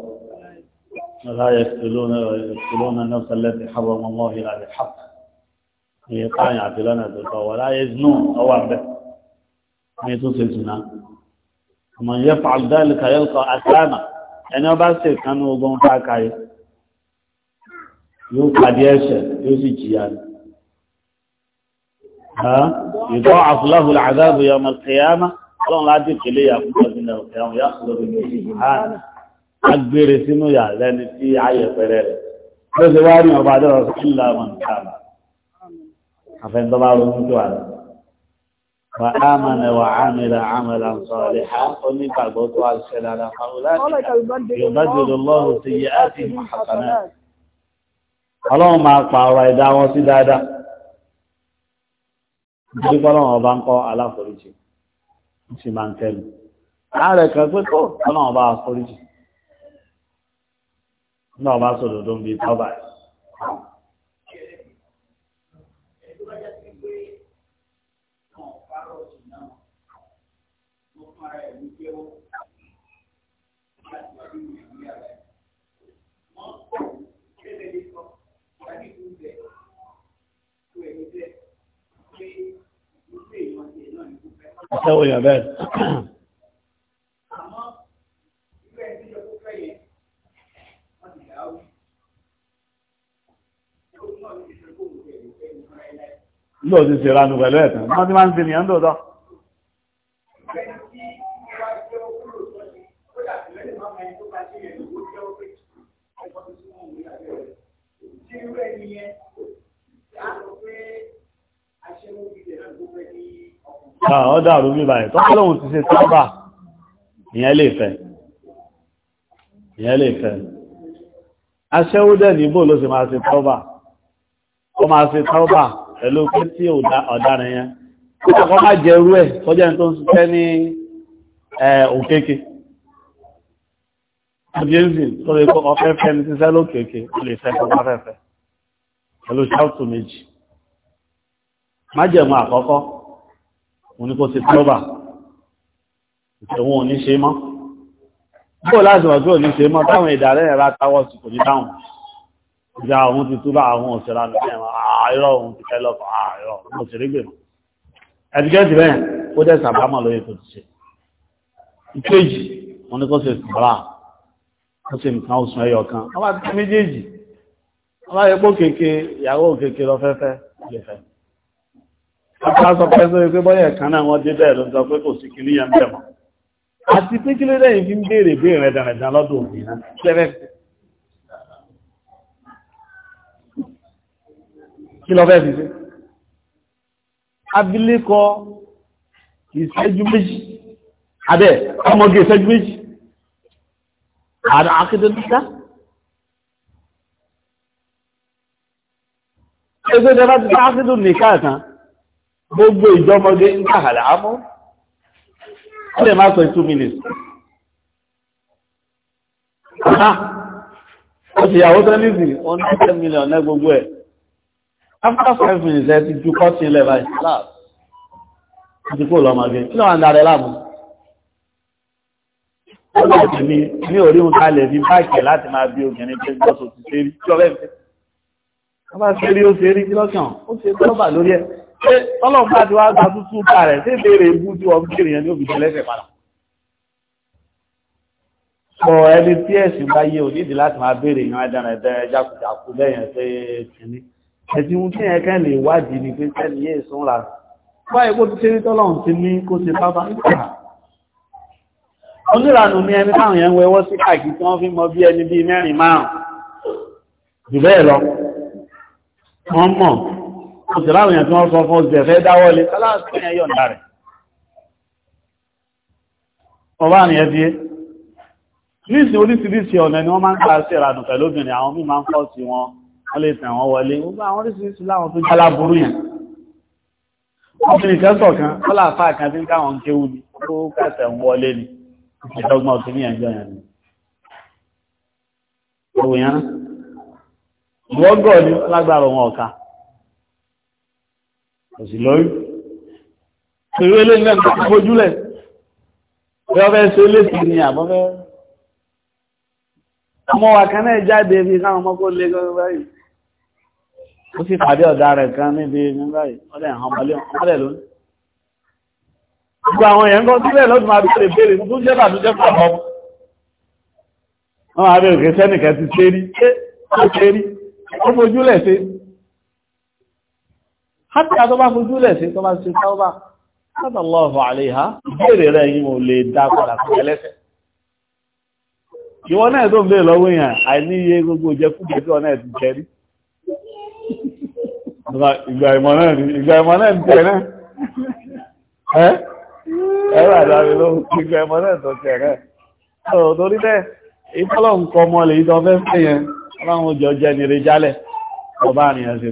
ولا يقتلون يقتلون النفس التي حرم الله إلا بالحق ويقعن يعتلون بالقوة ولا يزنون أو عبد ويتصل زنا ومن يفعل ذلك يلقى أثاما يعني بس كانوا يقومون فاكاين yóò pàdé ẹ̀ṣẹ̀ yóò sì jìyà ní. ìtọ́ àfúláhùn àdáàbò yọ ọmọ kẹyàmá ọlọ́run láti kélé yàkúbọ̀ nínú ẹ̀wọ̀n yá lọ́dọ̀ ní ìhàn agbèrè sínú yà lẹ́ni tí ayẹ̀pẹ̀rẹ̀ rẹ̀ ló ṣe wá ní ọba adọ́rọ̀ sí ńlá wọn kàmà àfẹ́ntọ́ bá ronú tó àlọ́ wa amana wa amila amalan saliha onígbàgbọ́ tó àṣẹ dáadáa fáwọn láti yóò bá jòló lọ́rùn sí yẹ á ti mú hasanat ọlọ́run máa pààrọ̀ ẹ̀dá wọn sí dáadáa nítorí pọ́lọ́run ọba ń kọ́ aláforíjì ó sì máa ń kẹ́lu ààrẹ kan pé kó ọlọ́run ọba àforíjì náà ọba sọ̀rọ̀ tó ń bi tábàá àtẹ́wò yàn bẹ́ẹ̀ lóò ti ṣe ránú pẹ̀lú ẹ̀tàn wọ́n ti máa ń ṣe nìyàn lóòtọ́ ọ̀dà ah, àrùbí báyìí tọ́pọ̀ lóhun ti ṣe tábà ìyẹn lè fẹ́ ìyẹn lè fẹ́ aṣẹ́wó dẹ̀ níbò ló sì máa ṣe tábà ó máa ṣe tábà pẹ̀lú pé tí ọ̀daràn yẹn kọ́ máa jẹ irú ẹ̀ tọ́jẹ́ tó ń ṣiṣẹ́ ní òkèké àbíyèsí tó lè kọ́ ọ̀fẹ́fẹ́ ní ṣiṣẹ́ lókèké ó lè fẹ́ májẹ̀mú àkọ́kọ́ mo ní kó ṣe tọ́bà ìṣẹ̀wọ̀n ò ní ṣe mọ́ bóò láti wà tí ò ní ṣe mọ́ táwọn ìdàrẹ́ ẹ̀rá táwọ̀ sí kò ní dáhùn ìjà òun ti túbà àwọn òṣèrà ní ẹ̀mọ́ àìrọ̀ òun ti fẹ́ lọ́kọ̀ àìrọ̀ òun òṣèré gbè mọ́ ẹ̀dìgẹ́dì bẹ́ẹ̀ ó dẹ̀ sàbámọ̀ lóye tó ti ṣe ìkéjì mo ní kó ṣe sàbárà ó ṣe nǹkan Àtàṣọ pẹ́sọ́ wípé bọ́yẹ̀ kan náà wọ́n dé bẹ́ẹ̀ ló sọ pé kò sí kí níyàn bẹ̀ mọ́. Àti pé kí ló lẹ́yìn fi ń béèrè bí ìrìn ẹ̀dàrẹ̀dà lọ́dún òní náà. Ṣẹ́rẹ́ kí lọ fẹ́ fi ṣe? Abilékọ ìṣẹ́jú méjì, abẹ́ ọmọge ìṣẹ́jú méjì, àdá akédèlúkà. Ẹgbẹ́ ìjọba ti bá gbogbo ìjọmọdé ń gbà àlàámú ó lè má sọ two minutes. ó ti yàwó tán nísìnyí ó ní ten million ní gbogbo ẹ̀ after five minutes ẹ ti ju kọ́tì ilẹ̀ báyìí láàbù àti kó lọ́mọdé kí lọ́wọ́ ń darẹ̀ láàbù. ó lè tẹ̀mí ní orí ń kalẹ̀ bí báàkì láti máa bí obìnrin pé gbọ́sọ̀ ti ṣe rí kí ọbẹ̀ mi. wọ́n bá ṣe rí ó ṣe rí kí lọ́kàn ó ṣe tọ́lọ́bà lórí ẹ̀ pé tọ́lọ́run bá ti wá gba tuntun ká rẹ̀ sí ìbéèrè ibú tí wọ́n kéré yẹn ní òbí tẹ́lẹ́fẹ̀ padà. sọ ẹni tí ẹ̀sìn bá yé ò nídìí láti máa béèrè yan ẹ̀dára ẹ̀dá jákujàku lẹ́yìn ẹ̀sẹ̀ kìíní ẹ̀sìn ohun tí yẹn kẹ́ lè wádìí ni pé sẹ́ni yé ìsún ra báyìí kó ti ṣe ní tọ́lọ́run ti ní kó ṣe bábá nípa oníranù ni ẹni táwọn yẹn ń wẹwọ́ sí káàkiri tí wọ́n fi mọ bí ẹni bíi mẹ́rin márùn-ún jù bẹ́ẹ̀ lọ wọ́n mọ̀ òsìláwò yẹn tí wọ́n sọ fún òsìlẹ̀fẹ́ dáwọ́lé kálàkùnrin yọ̀nà rẹ̀ ọba ni ẹbí níìsì oríṣiríṣi ọ̀nà ni wọ́n máa ń gbà sí ìrànù pẹ̀lú obìnrin àwọn mí máa ń fọ́ sí wọn wọ́n lè tẹ̀ wọ́n wọlé gbogbo àwọn ni tó kẹsẹ̀ ń wọlé ni ìṣẹ́dọ́gbọ́n tó ní ẹjọ́ yẹn ni òwò yẹn ìwọ́gọ̀ ni lágbára wọn kò sì lóyún torí ilé ní ẹgbẹ́ tó fojúlẹ̀ bí wọ́n fẹ́ ṣe léṣe ni àbọ́fẹ́ ọmọ wa kan náà jáde bí káwọn ọmọ kó lé gọ́gọ́ báyìí ó sì pàdé ọ̀dá rẹ̀ kan níbi báyìí ọdẹ ìhànmọ́lé ọmọdé lónìí gbogbo àwọn èèyàn kan sílẹ̀ lọ́dún máa bèèrè bèèrè tó jẹ́ bà tó jẹ́ pọ̀ ọmọ wọn máa bèèrè kẹsẹ́nìkẹ́ ti ṣe rí ó ṣe rí ó fojúlẹ̀ ṣe rí hátí àtọ́ bá fojú lẹ̀ sí tó bá ṣe sáwọ́bà látàlọ́ọ̀fọ̀ àléhà ìbéèrè rẹ̀ yìí mo lè dá padà fún ẹlẹ́sẹ̀ ìwọ náà tó ń bèèrè lọ́wọ́ èèyàn àìníye gbogbo jẹkújẹ tí wọn náà ti jẹ rí ìgbà ìmọ̀ náà ní ìgbà ìmọ̀ náà ní tẹ̀rẹ́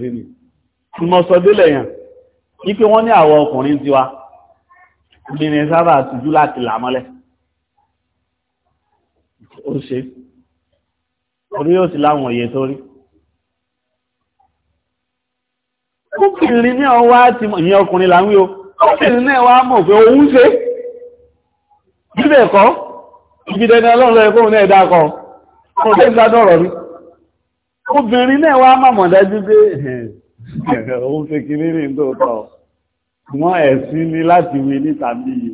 ẹ́ mọ́ sọ délẹ̀ yàn ní pé wọ́n ní àwọn ọkùnrin tiwa obìnrin sábà tìjú láti là mọ́lẹ̀ ó ṣe orí yóò sì láwọn òye tó rí kókìnrin ní ọwá ti mọ̀ ìyẹn ọkùnrin láwí o kókìnrin náà wá mọ̀ pé òun ṣe bíbẹ̀ kọ́ ọlọ́run ẹgbóhun náà náà wá òun ṣe kìíní ní ìdóòtọ́ ṣùgbọ́n ẹ̀sìn ni láti wí níta bí i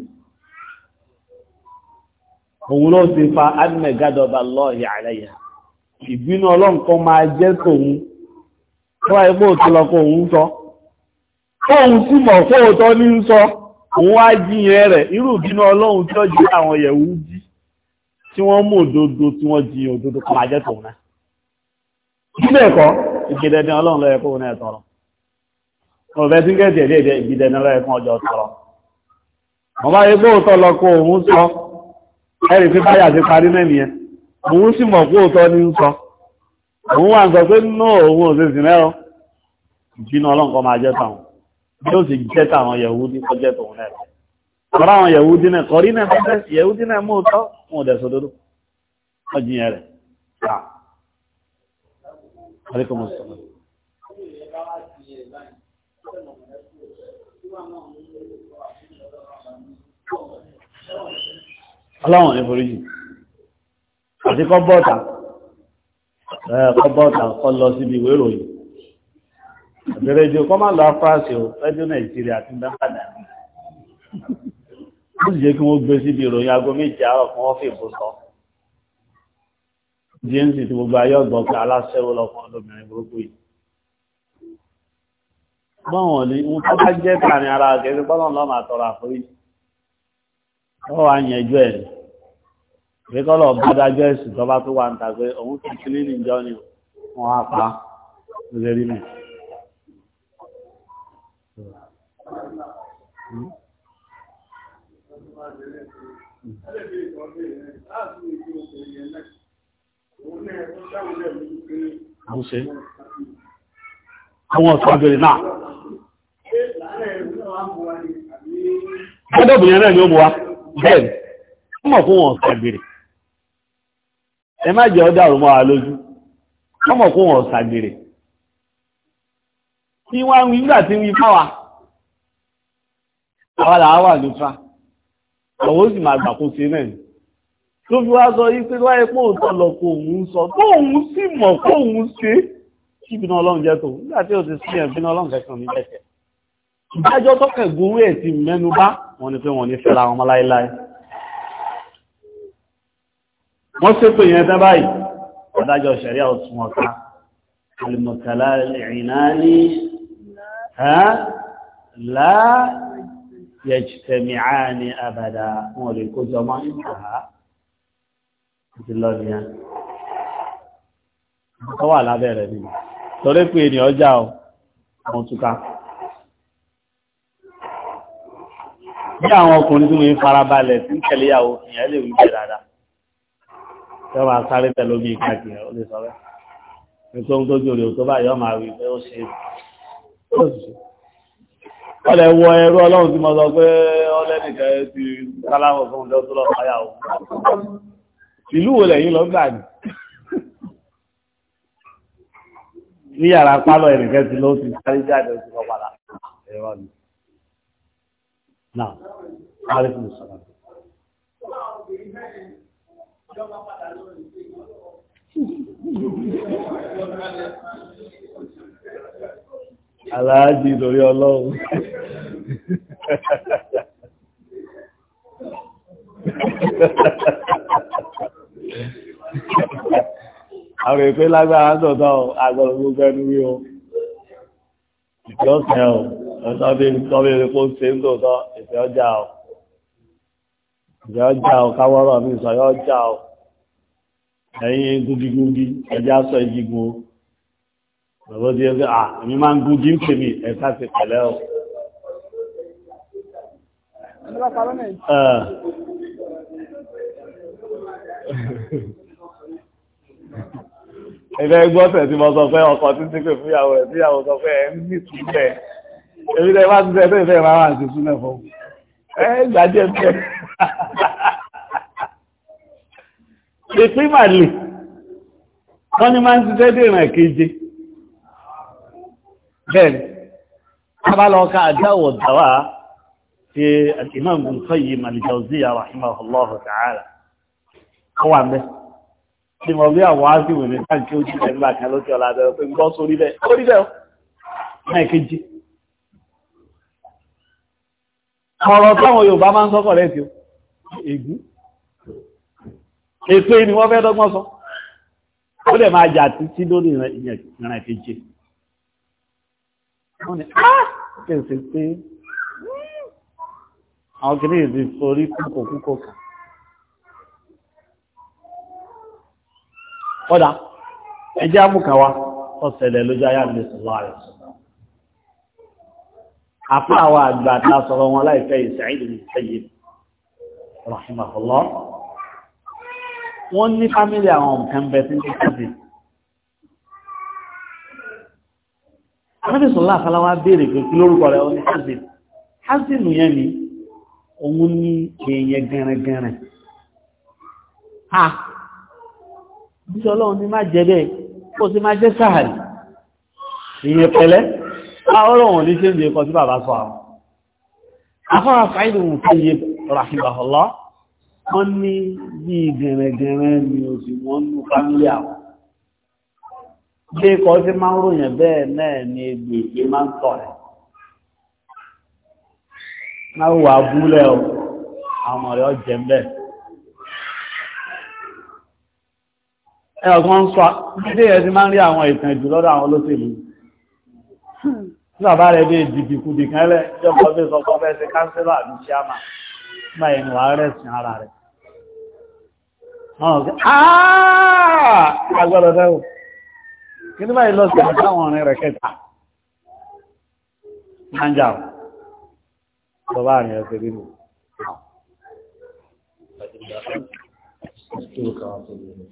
òun ló ti fa anẹ́gádọba lọ́ọ̀yà àlẹ́yà ìbínú ọlọ́nkan máa jẹ́ tòun tó ẹgbẹ́ òtúlọpọ̀ òun sọ fóun tí mọ̀ fóòtọ́ ní ń sọ òun wá jíyàn rẹ̀ irú ìbínú ọlọ́run tí ó jí àwọn yẹ̀wú jí tí wọ́n mú òdodo tí wọ́n jí òdodo kan máa jẹ́ tòun náà nígbẹ̀kọ́ ìgbẹ̀dẹ̀dẹ̀ ọlọ́run lọ́yẹ kóhun náà tọrọ ọ̀bẹ tí ń gẹ̀ẹ́dì ẹ̀dẹ́ ìgbìdẹ̀ náà ẹ̀kan ọjọ́ sọ̀rọ̀ wọ́n bá yẹ gbóòótọ́ lọ kó òun sọ ẹ̀rì pé báyà ti parí mẹ́rin yẹn òun sì mọ̀ gbóòótọ́ ní ń sọ òun wà ń sọ pé nínú òun òṣèṣì mẹ́rọ ìjìnà ọlọ́nkọ máa jẹ́ tàwọn yóò sì jẹ́ tàwọn yẹ̀wúdí kọ́ jẹ́ tòun náà kọ́ra àwọn yẹ̀wúdí náà kọ́rí náà fẹ́ yẹ̀wúdí náà mú tọ́ wọn ò dẹ̀sọ ọlọ́run ní foríjì àti kọ́ bọ́ọ̀tà kọ́ bọ́ọ̀tà kọ́ lọ síbi ìwé ìròyìn àti rédíò kọ́ máa lọ afárásì o rédíò nàìjíríà àti bẹ́ńkàdà ó sì jẹ́ kí wọ́n gbé síbi ìròyìn aago méje àárọ̀ kan wọ́n fi ìbò sọ gnc ti gbogbo ayé ọgbọ́n pé aláṣẹ́wó ni wọ́n tó bá jẹ́ tààrin ara àgẹ́sí bọ́lọ́n lọ́mà tọrọ àforíjì wọ́n yẹn ẹjọ́ ẹ̀ pé kọ́lọ̀ bá dájọ́ ẹ̀sùn tọ́ba tó wà ń ta pé òun ti kí nínú ìjọ ni wọ́n á pa lórí mi. Àwọn ọ̀sán àgbèrè náà. Gbọ́dọ̀ bìyàn náà ni ó mú wa. Bẹ́ẹ̀ni, wọ́n mọ̀ fún wọn ọ̀sán àgbèrè ẹ má jẹ́ ọdá òun máa lójú ọmọ kó wọn ṣàgbèrè tí wọ́n ń nígbà tí wí fáwa àwa làá wà nípa ọ̀wọ́ sì máa gbàkóso náà tó fi wá sọ yìí pé wáyé pé òótọ́ lọ kó òun sọ tó òun sì mọ̀ kó òun ṣe kí ìbínú ọlọ́run jẹ́ tó nígbà tí ò ti sí ẹ̀bínú ọlọ́run kẹsàn-án ní bẹ̀tẹ̀ ìdájọ́ tọ́kẹ̀ gúnrú ẹ̀ ti mẹ́nu bà wọ́n ní pé wọ́n ní fẹ́ra wọn láéláé wọ́n ṣe pé yẹn dá báyìí adájọ́ ṣẹ̀ríà ọ̀tún ọ̀ká alìmọ̀kàlá ìrìnà ní láyẹ̀jìtẹ̀mìá ní àbàdà wọn lè kó jọ máa ń tàá ti lọ ní ọ wà lábẹ́rẹ̀ ni torí pé ènìyàn já ọ àwọn túká bí àwọn ọkùnrin tí wọ́n farabalẹ̀ sí tẹ̀léyàwó ìyẹn lè wí jẹ́ dáadáa yọ máa sáré pẹ̀lú bí káàkiri ó lè sọ rẹ̀ nítorí ohun tó jòrè tó bá yọ máa rí pé ó ṣe ọlẹ̀ wọ ẹrú ọlọ́run tí mo sọ pé ọlẹ́nìkan ti káláwọ̀ fún ọjọ́ tó lọ fáyà o ìlú wo lẹ́yìn lọ gbà ní ní yàrá pálọ̀ ẹnìkan ti ló ti sáré jáde ó ti lọ padà ẹ̀rọ ni náà sáré fún ìṣọ̀rọ̀ ìjọba padà Aláàjì torí ọlọ́run. Àwọn ìpé lágbára ń tọ̀tọ̀ àgbọ̀rọ̀ gbogbo ẹnu rí o. Ìjọ́sìn ẹ̀ o, ọ̀sán bí i tọ́bí erékó ṣe ń tọ̀tọ̀ ìfẹ́ ọjà o ìyá ọjà ọ mi sọ yọ ọjà ọ ẹ̀yìn gúgigúgi ẹjá sọ ìgígun o bàbá ti ẹgbẹ́ à èmi máa ń gúgi ń pè mí ẹ̀ka ti pẹ̀lẹ́ o. ẹgbẹ́ gbọ́sẹ̀ tí mo sọ pé ọkọ̀ títí pé fúyàwó ẹ̀ fúyàwó sọ pé ẹ̀ ń ní ìtúbẹ̀ èmi tẹ́ bá ti tẹ́ fẹ́ máa wà ní ìtúbẹ̀ fún mi. ẹ gbàjẹ́ bẹ́ẹ̀ ìpín màlè wọ́n ní máa ń ti Imam Ibn Qayyim al-Jawziyya rahimahullahu ta'ala ọwà mẹ́ tí mọ̀ ọ̀rọ̀ táwọn Yorùbá máa ń sọ́kọ̀ rẹ̀ tí ó ègún èpè ni wọ́n fẹ́ dọ́gbọ́n sọ ó lè máa jà títí lórí ìrìn àkejì wọ́n ni ah! kẹsẹ̀ pé àwọn kìíní ìdí forí kúkò kúkò kan ọ̀dà ẹjẹ́ amúkàwá ọ̀sẹ̀lẹ̀ lójú ayé àmì sọ̀rọ̀ àrẹ̀sọ̀ àfá àwọn àgbà tá sọ̀rọ̀ wọn láìpẹ́ ìsẹ̀yìn ìsẹ̀yìn rahimahullah wọ́n ní fámílì àwọn nǹkan bẹ tí ní kàdì anábìsọ̀lá àfáláwá béèrè pé kí lórúkọ rẹ̀ ní kàdì kàdì nìyẹn ni òun ní èèyàn gẹ̀rẹ̀gẹ̀rẹ̀ ha bí ọlọ́run ní má jẹ bẹ́ẹ̀ kó sì má jẹ́ sáàrì ìyẹn pẹ̀lẹ́ ọlọ́run ní ṣe ń bí ẹkọ̀ tí bàbá sọ àwọn afọ́nà sáìdì wọn tó yẹ rahimahullah wọ́n ní bí gẹ̀rẹ̀gẹ̀rẹ̀ ni o sì wọ́n ní fámílì àwọn bí ẹkọ̀ tí máa ń ròyìn bẹ́ẹ̀ náà ni egbè ìgbé máa ń tọ̀ rẹ̀ máa wà àwọn ọ̀rẹ́ ọ̀jẹ̀ nígbàbá rẹ̀ dé ìdìbì kùdì kan lẹ̀ tí ọkọ̀ bí sọkọ̀ bẹ́ẹ̀ ṣe kánsílà ní ṣíàmà nígbà yẹn wà rẹ̀ sin ara rẹ̀. agbọ́dọ̀ dẹ́wò kí ní báyìí lọ sí àtàwọn ọ̀rìn rẹ̀ kẹta nàìjà Thank you.